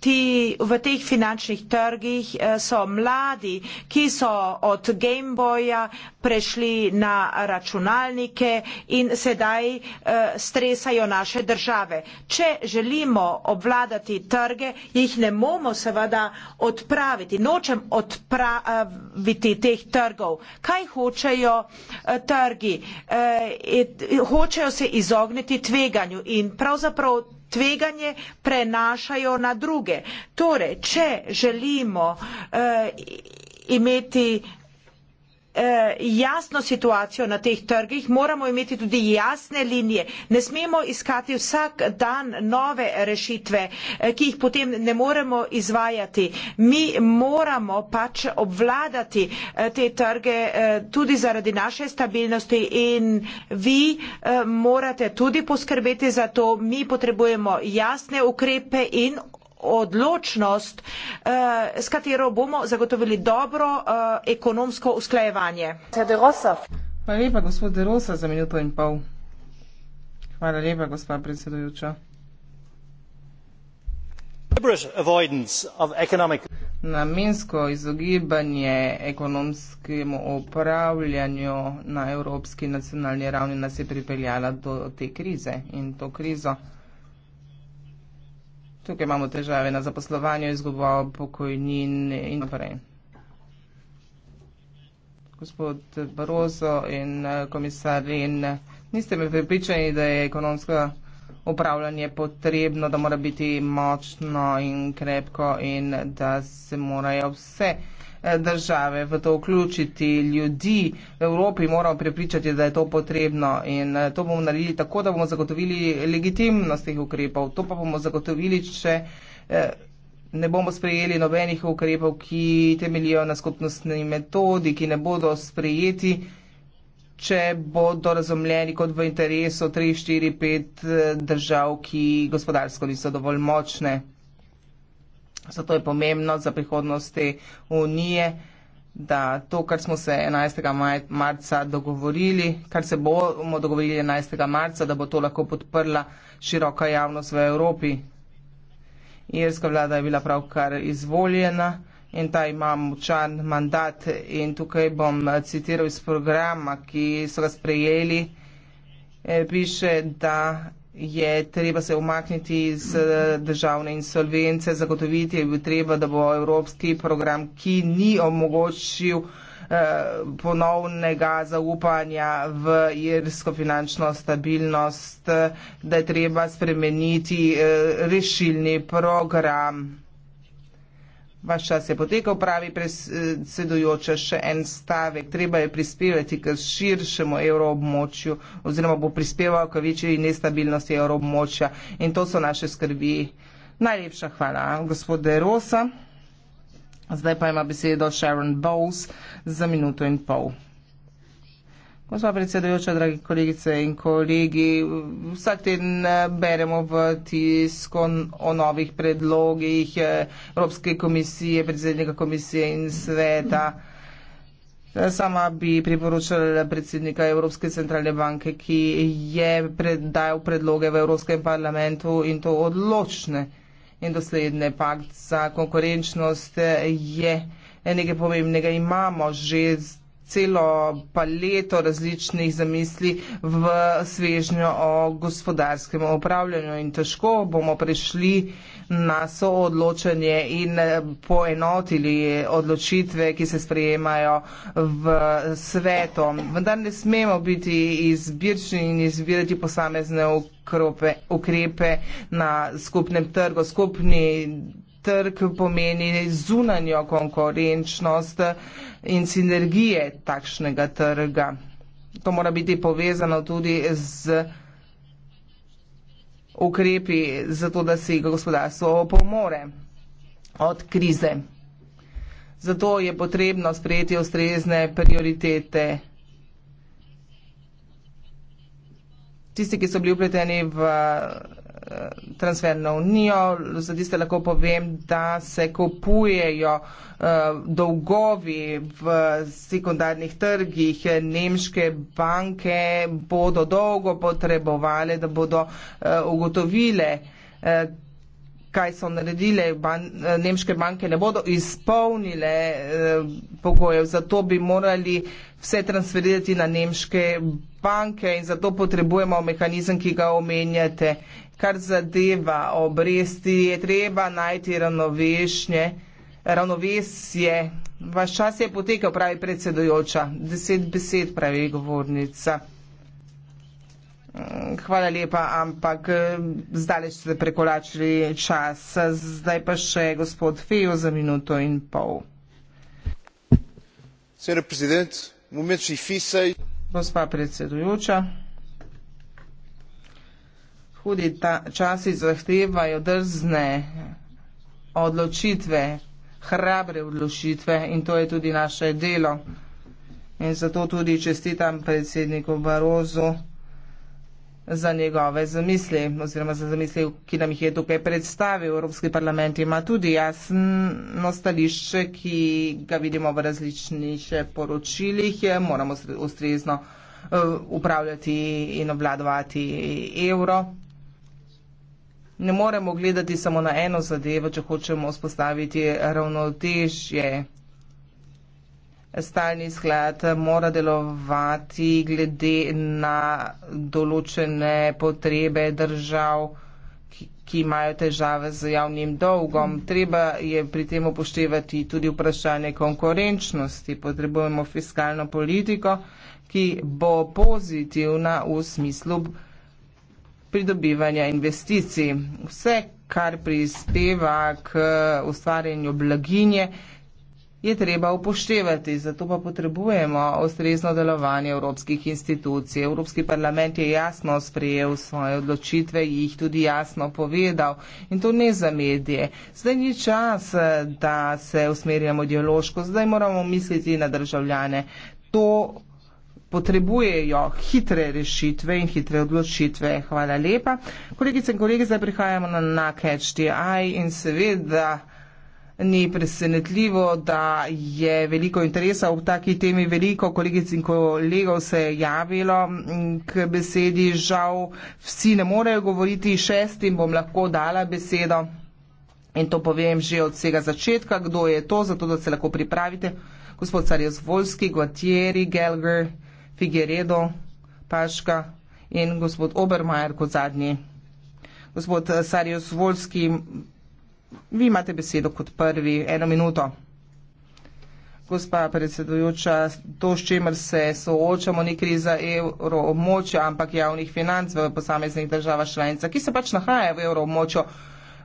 ti, v teh finančnih trgih eh, so mladi, ki so od Gameboja prešli na računalnike in sedaj eh, stresajo naše države. Če želimo obvladati trge, jih ne bomo seveda odpraviti. Nočem odpraviti teh trgov. Kaj hočejo eh, trgi? Hočejo se izogniti tveganju in pravzaprav tveganje prenašajo na druge. Torej, če želimo uh, imeti uh, Eh, jasno situacijo na teh trgih, moramo imeti tudi jasne linije. Ne smemo iskati vsak dan nove rešitve, eh, ki jih potem ne moremo izvajati. Mi moramo pač obvladati eh, te trge tudi zaradi naše stabilnosti in vi morate tudi poskrbeti za to. Mi potrebujemo jasne ukrepe in odločnost, eh, s katero bomo zagotovili dobro eh, ekonomsko usklajevanje. Hvala lepa, gospod De Rosa, za minuto in pol. Hvala lepa, gospa predsedujoča. Namensko izogibanje ekonomskemu upravljanju na evropski nacionalni ravni nas je pripeljala do te krize in to krizo tukaj imamo težave na zaposlovanju, izgubo pokojnin in naprej. Gospod Barozo in eh, komisar Ren, niste mi pripričani, da je ekonomsko upravljanje potrebno, da mora biti močno in krepko in da se morajo vse. Eh, države v to vključiti, ljudi v Evropi moramo prepričati, da je to potrebno in eh, to bomo naredili tako, da bomo zagotovili legitimnost teh ukrepov. To pa bomo zagotovili, če eh, ne bomo sprejeli nobenih ukrepov, ki temeljijo na skupnostni metodi, ki ne bodo sprejeti če bodo razumljeni kot v interesu 3, 4, 5 držav, ki gospodarsko niso dovolj močne. Zato je pomembno za prihodnosti unije, da to, kar smo se 11. marca dogovorili, kar se bomo dogovorili 11. marca, da bo to lahko podprla široka javnost v Evropi. Irska vlada je bila pravkar izvoljena in ta ima močan mandat in tukaj bom eh, citiral iz programa, ki so ga sprejeli. Eh, piše, da je treba se omakniti iz eh, državne insolvence, zagotoviti je bil treba, da bo evropski program, ki ni omogočil eh, ponovnega zaupanja v irsko finančno stabilnost, eh, da je treba spremeniti rešilni program. Vaš čas je potekal, pravi predsedujoča, še en stavek. Treba je prispevati k širšemu evroobmočju oziroma bo prispeval k večji nestabilnosti evroobmočja in to so naše skrbi. Najlepša hvala, gospod De Rosa. Zdaj pa ima besedo Sharon Bowles za minuto in pol. Gospa predsedujoča, dragi kolegice in kolegi, vsak teden eh, beremo v tisko o novih predlogih eh, Evropske komisije, predsednika komisije in sveta. Eh, sama bi priporočala predsednika Evropske centralne banke, ki je predajal predloge v Evropskem parlamentu in to odločne in dosledne pakt za konkurenčnost je nekaj pomembnega. Imamo že celo paleto različnih zamisli v svežnjo o gospodarskem upravljanju in težko bomo prišli na soodločanje in poenotili odločitve, ki se sprejemajo v svetu. Vendar ne smemo biti izbirčni in izbirati posamezne ukrope, ukrepe na skupnem trgu. Skupni trg pomeni zunanjo konkurenčnost in sinergije takšnega trga. To mora biti povezano tudi z ukrepi za to, da se gospodarstvo opomore od krize. Zato je potrebno sprejeti ustrezne prioritete. Tisti, ki so bili upleteni v Eh, transferno unijo. Zdaj ste lahko povem, da se kupujejo eh, dolgovi v sekundarnih trgih. Nemške banke bodo dolgo potrebovali, da bodo eh, ugotovile, kaj so naredile. Ban nemške banke ne bodo izpolnile pogojev, zato bi morali vse transferirati na nemške banke in zato potrebujemo mehanizem, ki ga omenjate kar zadeva obresti, je treba najti ravnovešnje, ravnovesje. Vaš čas je potekal, pravi predsedujoča. Deset besed, pravi govornica. Hvala lepa, ampak zdaleč ste prekolačili čas. Zdaj pa še gospod Fejo za minuto in pol. Gospa predsedujoča hudi ta, časi zahtevajo drzne odločitve, hrabre odločitve in to je tudi naše delo. In zato tudi čestitam predsedniku Barozu za njegove zamisli oziroma za zamisli, ki nam jih je tukaj predstavil. Evropski parlament ima tudi jasno stališče, ki ga vidimo v različnih poročilih. Moramo ustrezno eh, upravljati in obladovati evro, ne moremo gledati samo na eno zadevo, če hočemo vzpostaviti ravnotežje. Stalni sklad mora delovati glede na določene potrebe držav, ki, ki imajo težave z javnim dolgom. Treba je pri tem upoštevati tudi vprašanje konkurenčnosti. Potrebujemo fiskalno politiko, ki bo pozitivna v smislu pridobivanja investicij. Vse, kar prispeva k ustvarjanju blaginje, je treba upoštevati. Zato pa potrebujemo ustrezno delovanje evropskih institucij. Evropski parlament je jasno sprejel svoje odločitve, jih tudi jasno povedal in to ne za medije. Zdaj ni čas, da se usmerjamo ideološko, zdaj moramo misliti na državljane. To potrebujejo hitre rešitve in hitre odločitve. Hvala lepa. Kolegice in kolegi, zdaj prihajamo na, na Catch the Eye in seveda ni presenetljivo, da je veliko interesa v taki temi, veliko kolegic in kolegov se je javilo mm, k besedi. Žal vsi ne morejo govoriti, šestim bom lahko dala besedo in to povem že od vsega začetka, kdo je to, zato da se lahko pripravite. Gospod Sarjozvolski, Gotieri, Gelger. Figueredo, Paška in gospod Obermajer kot zadnji. Gospod Sarjus Volski, vi imate besedo kot prvi, eno minuto. Gospa predsedujoča, to, s čimer se soočamo, ni kriza evroobmočja, ampak javnih financ v posameznih državah članica, ki se pač nahaja v evroobmočju.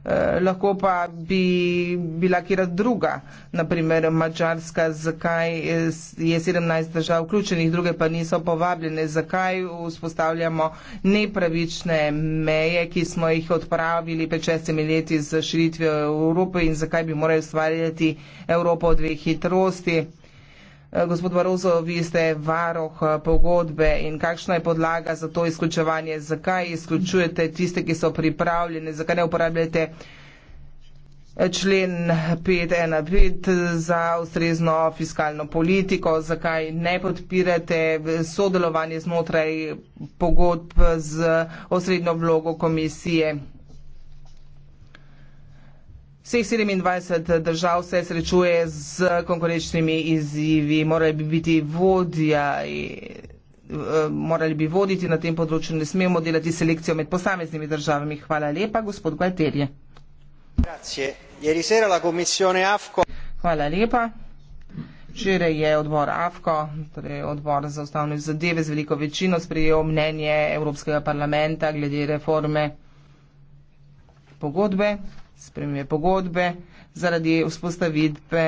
Eh, lahko pa bi bila kjera druga, naprimer Mačarska, zakaj eh, je 17 držav vključenih, druge pa niso povabljene, zakaj vzpostavljamo nepravične meje, ki smo jih odpravili pred šestimi leti z širitvijo Evrope in zakaj bi morali ustvarjati Evropo dveh hitrosti. Eh, gospod Barozo, vi ste varoh eh, pogodbe in kakšna je podlaga za to izključevanje? Zakaj izključujete tiste, ki so pripravljeni? Zakaj ne uporabljate eh, člen 5.1.5 za ustrezno fiskalno politiko? Zakaj ne podpirate sodelovanje znotraj pogodb z osrednjo vlogo komisije? Vseh 27 držav se srečuje z konkurenčnimi izzivi, morali bi biti vodja eh, morali bi voditi na tem področju, ne smemo delati selekcijo med posameznimi državami. Hvala lepa, gospod Gualterje. Hvala lepa. Včeraj je odbor AFKO, torej odbor za ustavne zadeve, z veliko večino sprejel mnenje Evropskega parlamenta glede reforme pogodbe spremembe pogodbe, zaradi vzpostavitve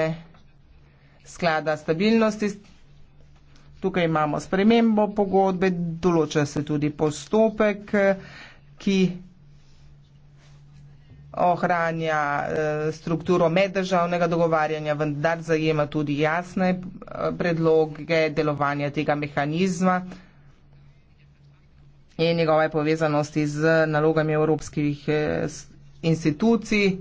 sklada stabilnosti. Tukaj imamo spremembo pogodbe, določa se tudi postopek, ki ohranja eh, strukturo meddržavnega dogovarjanja, vendar zajema tudi jasne eh, predloge delovanja tega mehanizma in njegove povezanosti z nalogami evropskih strukturov eh, institucij,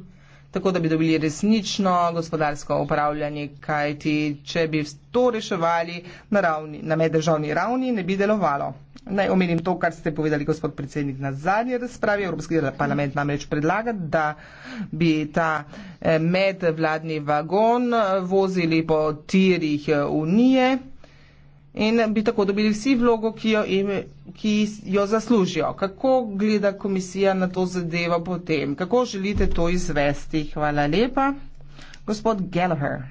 tako da bi dobili resnično gospodarsko upravljanje, kajti če bi to reševali na, ravni, na meddržavni ravni, ne bi delovalo. Naj omenim to, kar ste povedali, gospod predsednik, na zadnji razpravi. Evropski parlament namreč predlaga, da bi ta eh, medvladni vagon eh, vozili po tirih eh, Unije in bi tako dobili vsi vlogo, ki jo, im, ki jo zaslužijo. Kako gleda komisija na to zadevo potem? Kako želite to izvesti? Hvala lepa. Gospod Gallagher.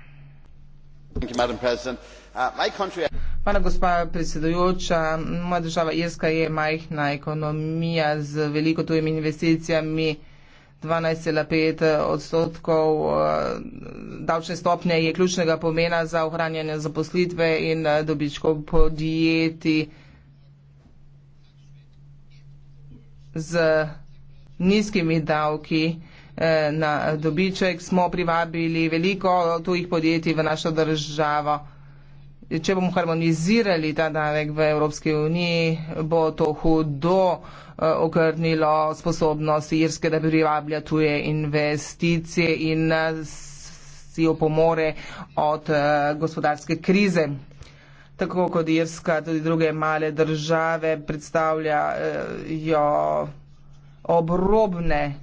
Uh, Hvala, gospa predsedujoča. Moja država Irska je majhna ekonomija z veliko tujimi investicijami. 12,5 eh, odstotkov eh, davčne stopnje je ključnega pomena za ohranjanje zaposlitve in eh, dobičkov podjetij. Z nizkimi davki na dobiček smo privabili veliko tujih podjetij v našo državo če bomo harmonizirali ta davek v Evropski uniji, bo to hudo eh, okrnilo sposobnost Irske, da privablja tuje investicije in eh, si opomore od eh, gospodarske krize. Tako kot Irska, tudi druge male države predstavljajo obrobne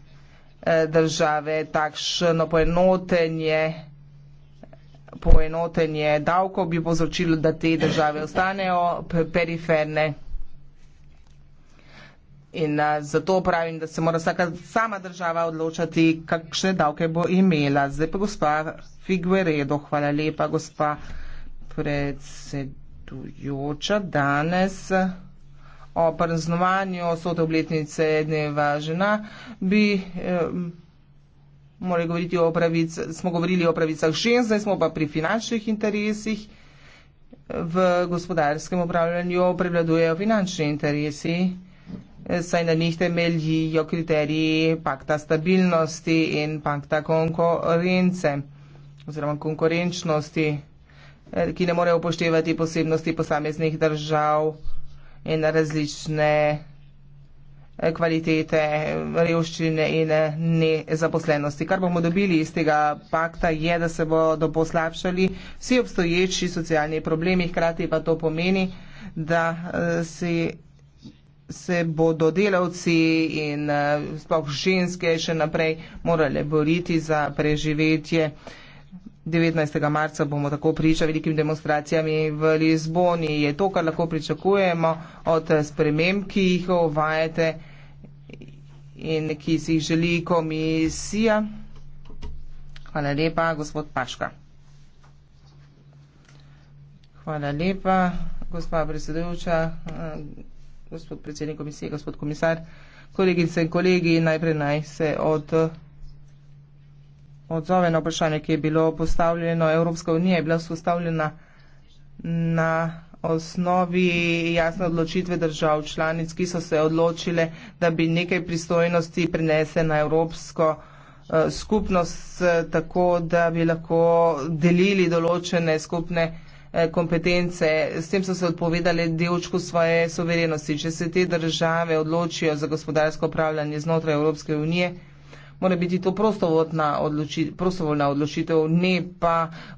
države, takšno poenotenje poenotenje davkov bi povzročilo, da te države ostanejo periferne. In a, zato pravim, da se mora vsaka sama država odločati, kakšne davke bo imela. Zdaj pa gospa Figueredo, hvala lepa, gospa predsedujoča danes. O praznovanju sote obletnice dneva žena bi. Eh, morajo govoriti o pravicah, smo govorili o pravicah žensk, zdaj smo pa pri finančnih interesih. V gospodarskem upravljanju prevladujejo finančni interesi, saj na njih temeljijo kriteriji pakta stabilnosti in pakta konkurence oziroma konkurenčnosti, ki ne morejo upoštevati posebnosti posameznih držav in različne Eh, kvalitete, revščine in eh, nezaposlenosti. Kar bomo dobili iz tega pakta je, da se bodo poslabšali vsi obstoječi socialni problemi, hkrati pa to pomeni, da eh, se, se bodo delavci in sploh ženske še naprej morale boriti za preživetje. 19. marca bomo tako priča velikim demonstracijami v Lizboni. Je to, kar lahko pričakujemo od sprememb, ki jih uvajate in ki si jih želi komisija? Hvala lepa, gospod Paška. Hvala lepa, gospod predsedujoča, gospod predsednik komisije, gospod komisar, kolegice in kolegi, najprej naj se od odzove na vprašanje, ki je bilo postavljeno. Evropska unija je bila vzpostavljena na osnovi jasne odločitve držav članic, ki so se odločile, da bi nekaj pristojnosti prenese na Evropsko eh, skupnost, eh, tako da bi lahko delili določene skupne eh, kompetence. S tem so se odpovedali delčku svoje soverenosti. Če se te države odločijo za gospodarsko upravljanje znotraj Evropske unije, mora biti to odloči, prostovoljna odločitev, ne pa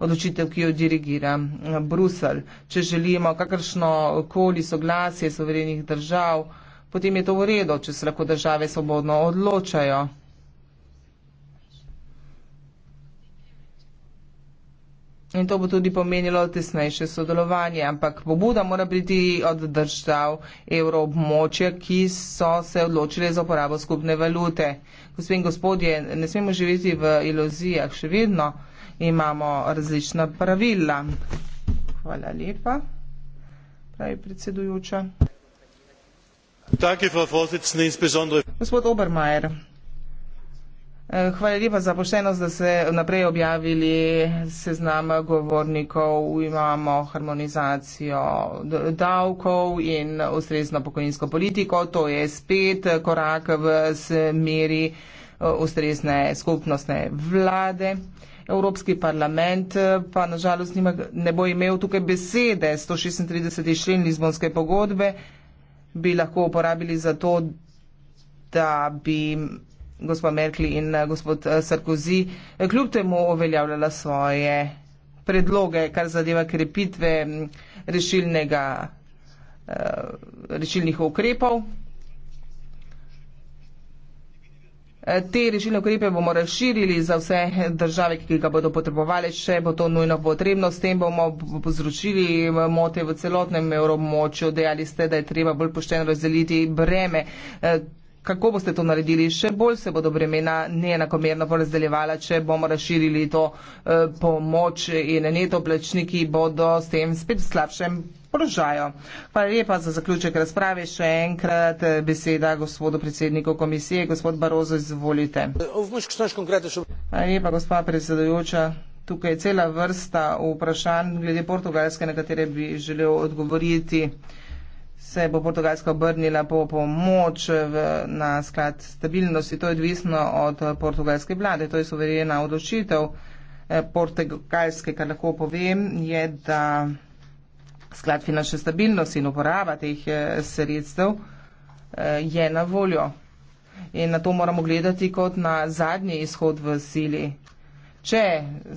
odločitev, ki jo dirigira eh, Bruselj. Če želimo kakršno koli soglasje soverenih držav, potem je to v redu, če se lahko države svobodno odločajo. In to bo tudi pomenilo tesnejše sodelovanje, ampak pobuda mora priti od držav evroobmočja, ki so se odločili za uporabo skupne valute. Gospod in gospodje, ne smemo živeti v iluzijah, še vedno imamo različna pravila. Hvala lepa, pravi predsedujoča. Gospod Obermajer. Eh, hvala lepa za poštenost, da ste naprej objavili seznam govornikov. Imamo harmonizacijo davkov in ustrezno pokojninsko politiko. To je spet korak v smeri eh, ustrezne skupnostne vlade. Evropski parlament eh, pa nažalost nima, ne bo imel tukaj besede 136. člen Lizbonske pogodbe, bi lahko uporabili za to, da bi gospa Merkel in eh, gospod eh, Sarkozy eh, kljub temu uveljavljala svoje predloge, kar zadeva krepitve mm, rešilnega, rešilnih ukrepov. Te rešilne ukrepe bomo razširili za vse države, ki ga bodo potrebovali, še bo to nujno potrebno, s tem bomo povzročili mote v celotnem evromočju. Dejali ste, da je treba bolj pošteno razdeliti breme. Kako boste to naredili? Še bolj se bodo bremena neenakomerno porazdeljevala, če bomo razširili to e, pomoč in neto plačniki bodo s tem spet v slabšem položaju. Hvala lepa za zaključek razprave. Še enkrat eh, beseda gospodu predsedniku komisije. Gospod Barozo, izvolite. Hvala lepa, gospa predsedujoča. Tukaj je cela vrsta vprašanj glede Portugalske, na katere bi želel odgovoriti se bo Portugalska obrnila po pomoč v, na sklad stabilnosti. To je odvisno od portugalske vlade, to je soverena odločitev. Eh, portugalske, kar lahko povem, je, da sklad finančne stabilnosti in uporaba teh eh, sredstev eh, je na voljo. In na to moramo gledati kot na zadnji izhod v sili. Če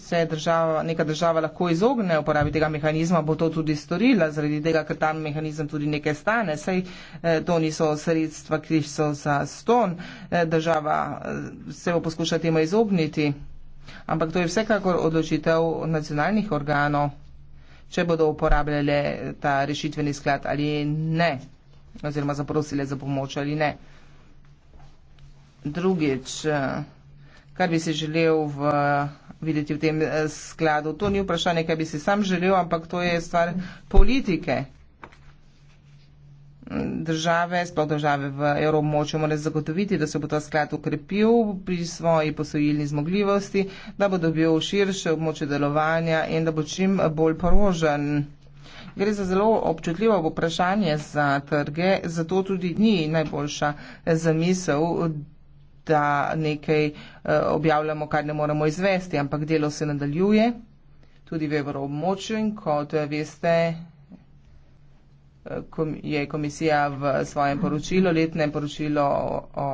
se država, neka država lahko izogne uporabi tega mehanizma, bo to tudi storila, zaradi tega, ker ta mehanizem tudi nekaj stane. Saj eh, to niso sredstva, ki so za ston. Eh, država eh, se bo poskušala temu izogniti. Ampak to je vsekakor odločitev nacionalnih organov, če bodo uporabljali ta rešitveni sklad ali ne, oziroma zaprosili za pomoč ali ne. Drugič. Eh, kar bi si želel v, videti v tem eh, skladu. To ni vprašanje, kaj bi si sam želel, ampak to je stvar politike. Države, sploh države v evromočju, mora zagotoviti, da se bo ta sklad ukrepil pri svoji posojilni zmogljivosti, da bo dobil širše območje delovanja in da bo čim bolj porožen. Gre za zelo občutljivo vprašanje za trge, zato tudi ni najboljša zamisel, da nekaj eh, objavljamo, kar ne moremo izvesti, ampak delo se nadaljuje tudi v evroobmočju in kot eh, veste, eh, je komisija v svojem poročilu, letnem poročilu o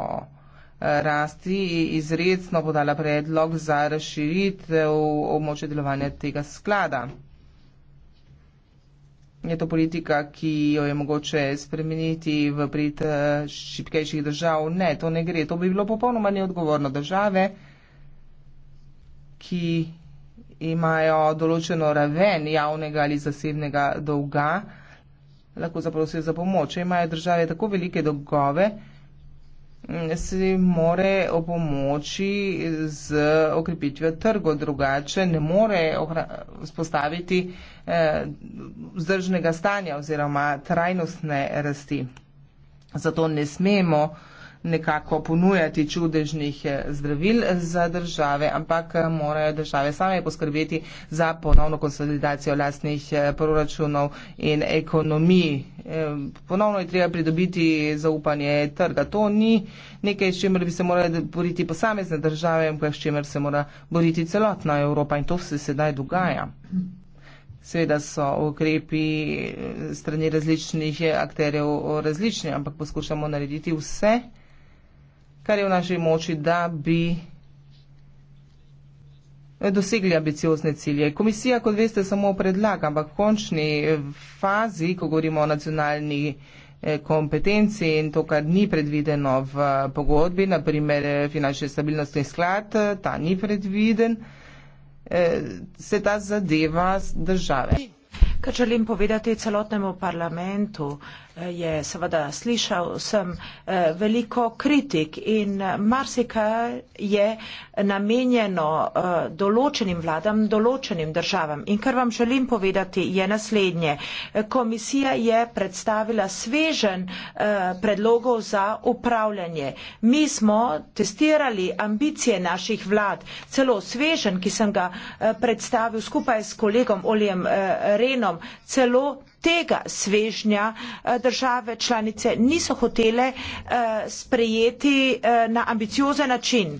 rasti, izredno podala predlog za razširitev območja delovanja tega sklada je to politika, ki jo je mogoče spremeniti v prid eh, šipkejših držav. Ne, to ne gre. To bi bilo popolnoma neodgovorno države, ki imajo določeno raven javnega ali zasebnega dolga, lahko zaprosijo za pomoč. Če imajo države tako velike dolgove, se more opomoči z okrepitvijo trgov, drugače ne more vzpostaviti eh, vzdržnega stanja oziroma trajnostne rasti. Zato ne smemo nekako ponujati čudežnih eh, zdravil za države, ampak eh, morajo države same poskrbeti za ponovno konsolidacijo lastnih eh, proračunov in ekonomiji. Ponovno je treba pridobiti zaupanje trga. To ni nekaj, s čimer bi se morali boriti posamezne države, ampak s čimer se mora boriti celotna Evropa in to se sedaj dogaja. Seveda so ukrepi strani različnih akterjev različni, ampak poskušamo narediti vse, kar je v naši moči, da bi dosegli ambiciozne cilje. Komisija, kot veste, samo predlaga, ampak v končni fazi, ko govorimo o nacionalni eh, kompetenci in to, kar ni predvideno v pogodbi, naprimer eh, finančni stabilnostni sklad, eh, ta ni predviden, se ta zadeva države. Kaj želim povedati celotnemu parlamentu? je seveda slišal, sem eh, veliko kritik in marsika je namenjeno eh, določenim vladam, določenim državam. In kar vam želim povedati je naslednje. Komisija je predstavila svežen eh, predlogov za upravljanje. Mi smo testirali ambicije naših vlad, celo svežen, ki sem ga predstavil skupaj s kolegom Olijem Renom, celo tega svežnja eh, države članice niso hotele eh, sprejeti eh, na ambiciozen način.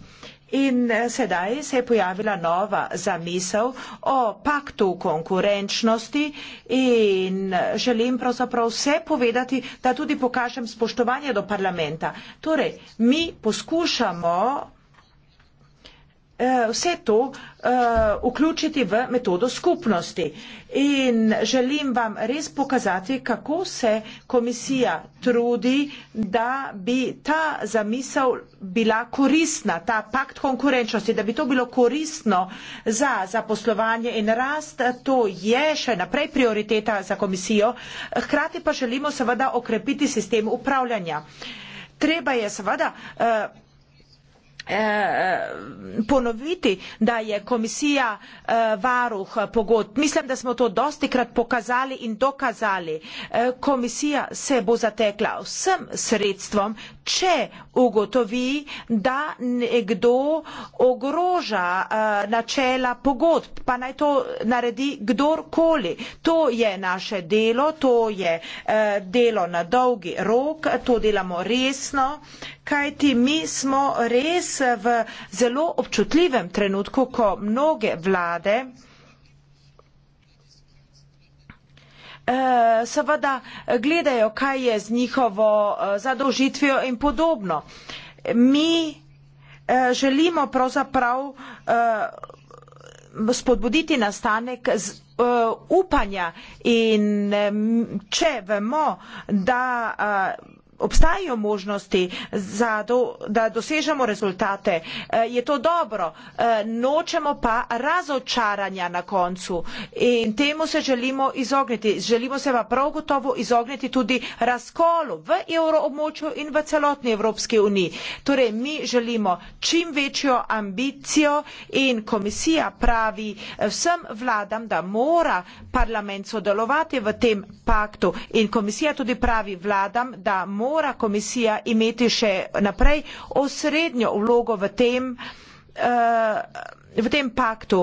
In sedaj se je pojavila nova zamisel o paktu konkurenčnosti in želim pravzaprav vse povedati, da tudi pokažem spoštovanje do parlamenta. Torej, mi poskušamo Eh, vse to eh, vključiti v metodo skupnosti. In želim vam res pokazati, kako se komisija trudi, da bi ta zamisel bila koristna, ta pakt konkurenčnosti, da bi to bilo koristno za zaposlovanje in rast. To je še naprej prioriteta za komisijo. Hkrati pa želimo seveda okrepiti sistem upravljanja. Treba je seveda uh, Eh, ponoviti, da je komisija eh, varuh pogod. Mislim, da smo to dosti krat pokazali in dokazali. Eh, komisija se bo zatekla vsem sredstvom, če ugotovi, da nekdo ogroža načela pogod, pa naj to naredi kdorkoli. To je naše delo, to je delo na dolgi rok, to delamo resno kajti mi smo res v zelo občutljivem trenutku, ko mnoge vlade eh, seveda gledajo, kaj je z njihovo eh, zadolžitvijo in podobno. Mi eh, želimo pravzaprav spodbuditi nastanek z upanja in če vemo, da obstajajo možnosti, za, da dosežemo rezultate. Eh, je to dobro, eh, nočemo pa razočaranja na koncu in temu se želimo izogniti. Želimo se pa prav gotovo izogniti tudi razkolu v evroobmočju in v celotni Evropski uniji. Torej, mi želimo čim večjo ambicijo in komisija pravi eh, vsem vladam, da mora parlament sodelovati v tem paktu in komisija tudi pravi vladam, da mora mora komisija imeti še naprej osrednjo vlogo v tem, eh, v tem paktu.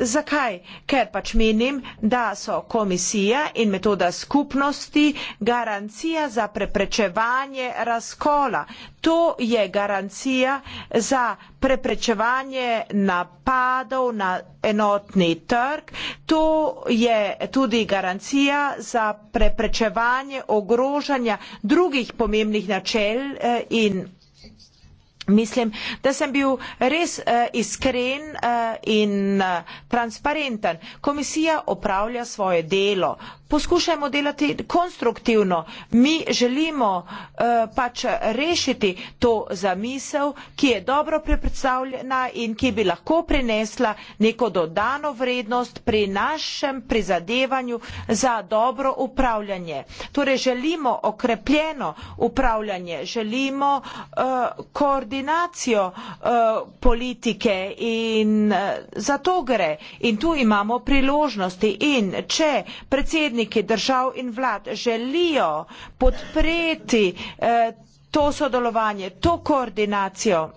Zakaj? Ker pač menim, da so komisija in metoda skupnosti garancija za preprečevanje razkola. To je garancija za preprečevanje napadov na enotni trg. To je tudi garancija za preprečevanje ogrožanja drugih pomembnih načel eh, in Mislim, da sem bil res uh, iskren uh, in uh, transparenten. Komisija opravlja svoje delo, poskušajmo delati konstruktivno. Mi želimo uh, pač rešiti to zamisel, ki je dobro predstavljena in ki bi lahko prinesla neko dodano vrednost pri našem prizadevanju za dobro upravljanje. Torej želimo okrepljeno upravljanje, želimo uh, koordinacijo uh, politike in uh, za to gre. In tu imamo priložnosti. In če predsednik predsedniki držav in vlad želijo podpreti eh, to sodelovanje, to koordinacijo.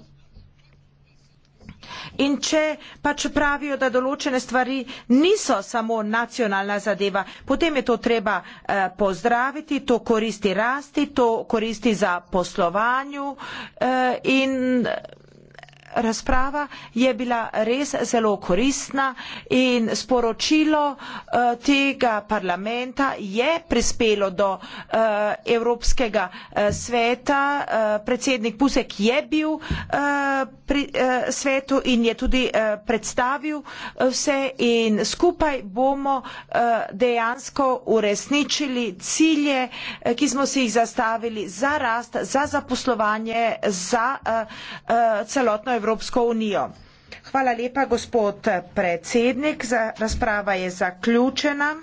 In če pač pravijo, da določene stvari niso samo nacionalna zadeva, potem je to treba eh, pozdraviti, to koristi rasti, to koristi za poslovanju eh, in razprava je bila res zelo koristna in sporočilo eh, tega parlamenta je prispelo do eh, Evropskega eh, sveta. Predsednik Pusek je bil pri svetu in je tudi predstavil vse in skupaj bomo dejansko uresničili cilje, ki smo si jih zastavili za rast, za zaposlovanje, za celotno Evropo. Evropsko unijo. Hvala lepa, gospod predsednik. Za, razprava je zaključena.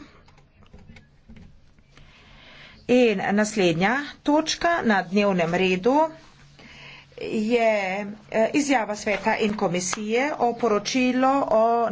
In naslednja točka na dnevnem redu je eh, izjava sveta in komisije o poročilo o.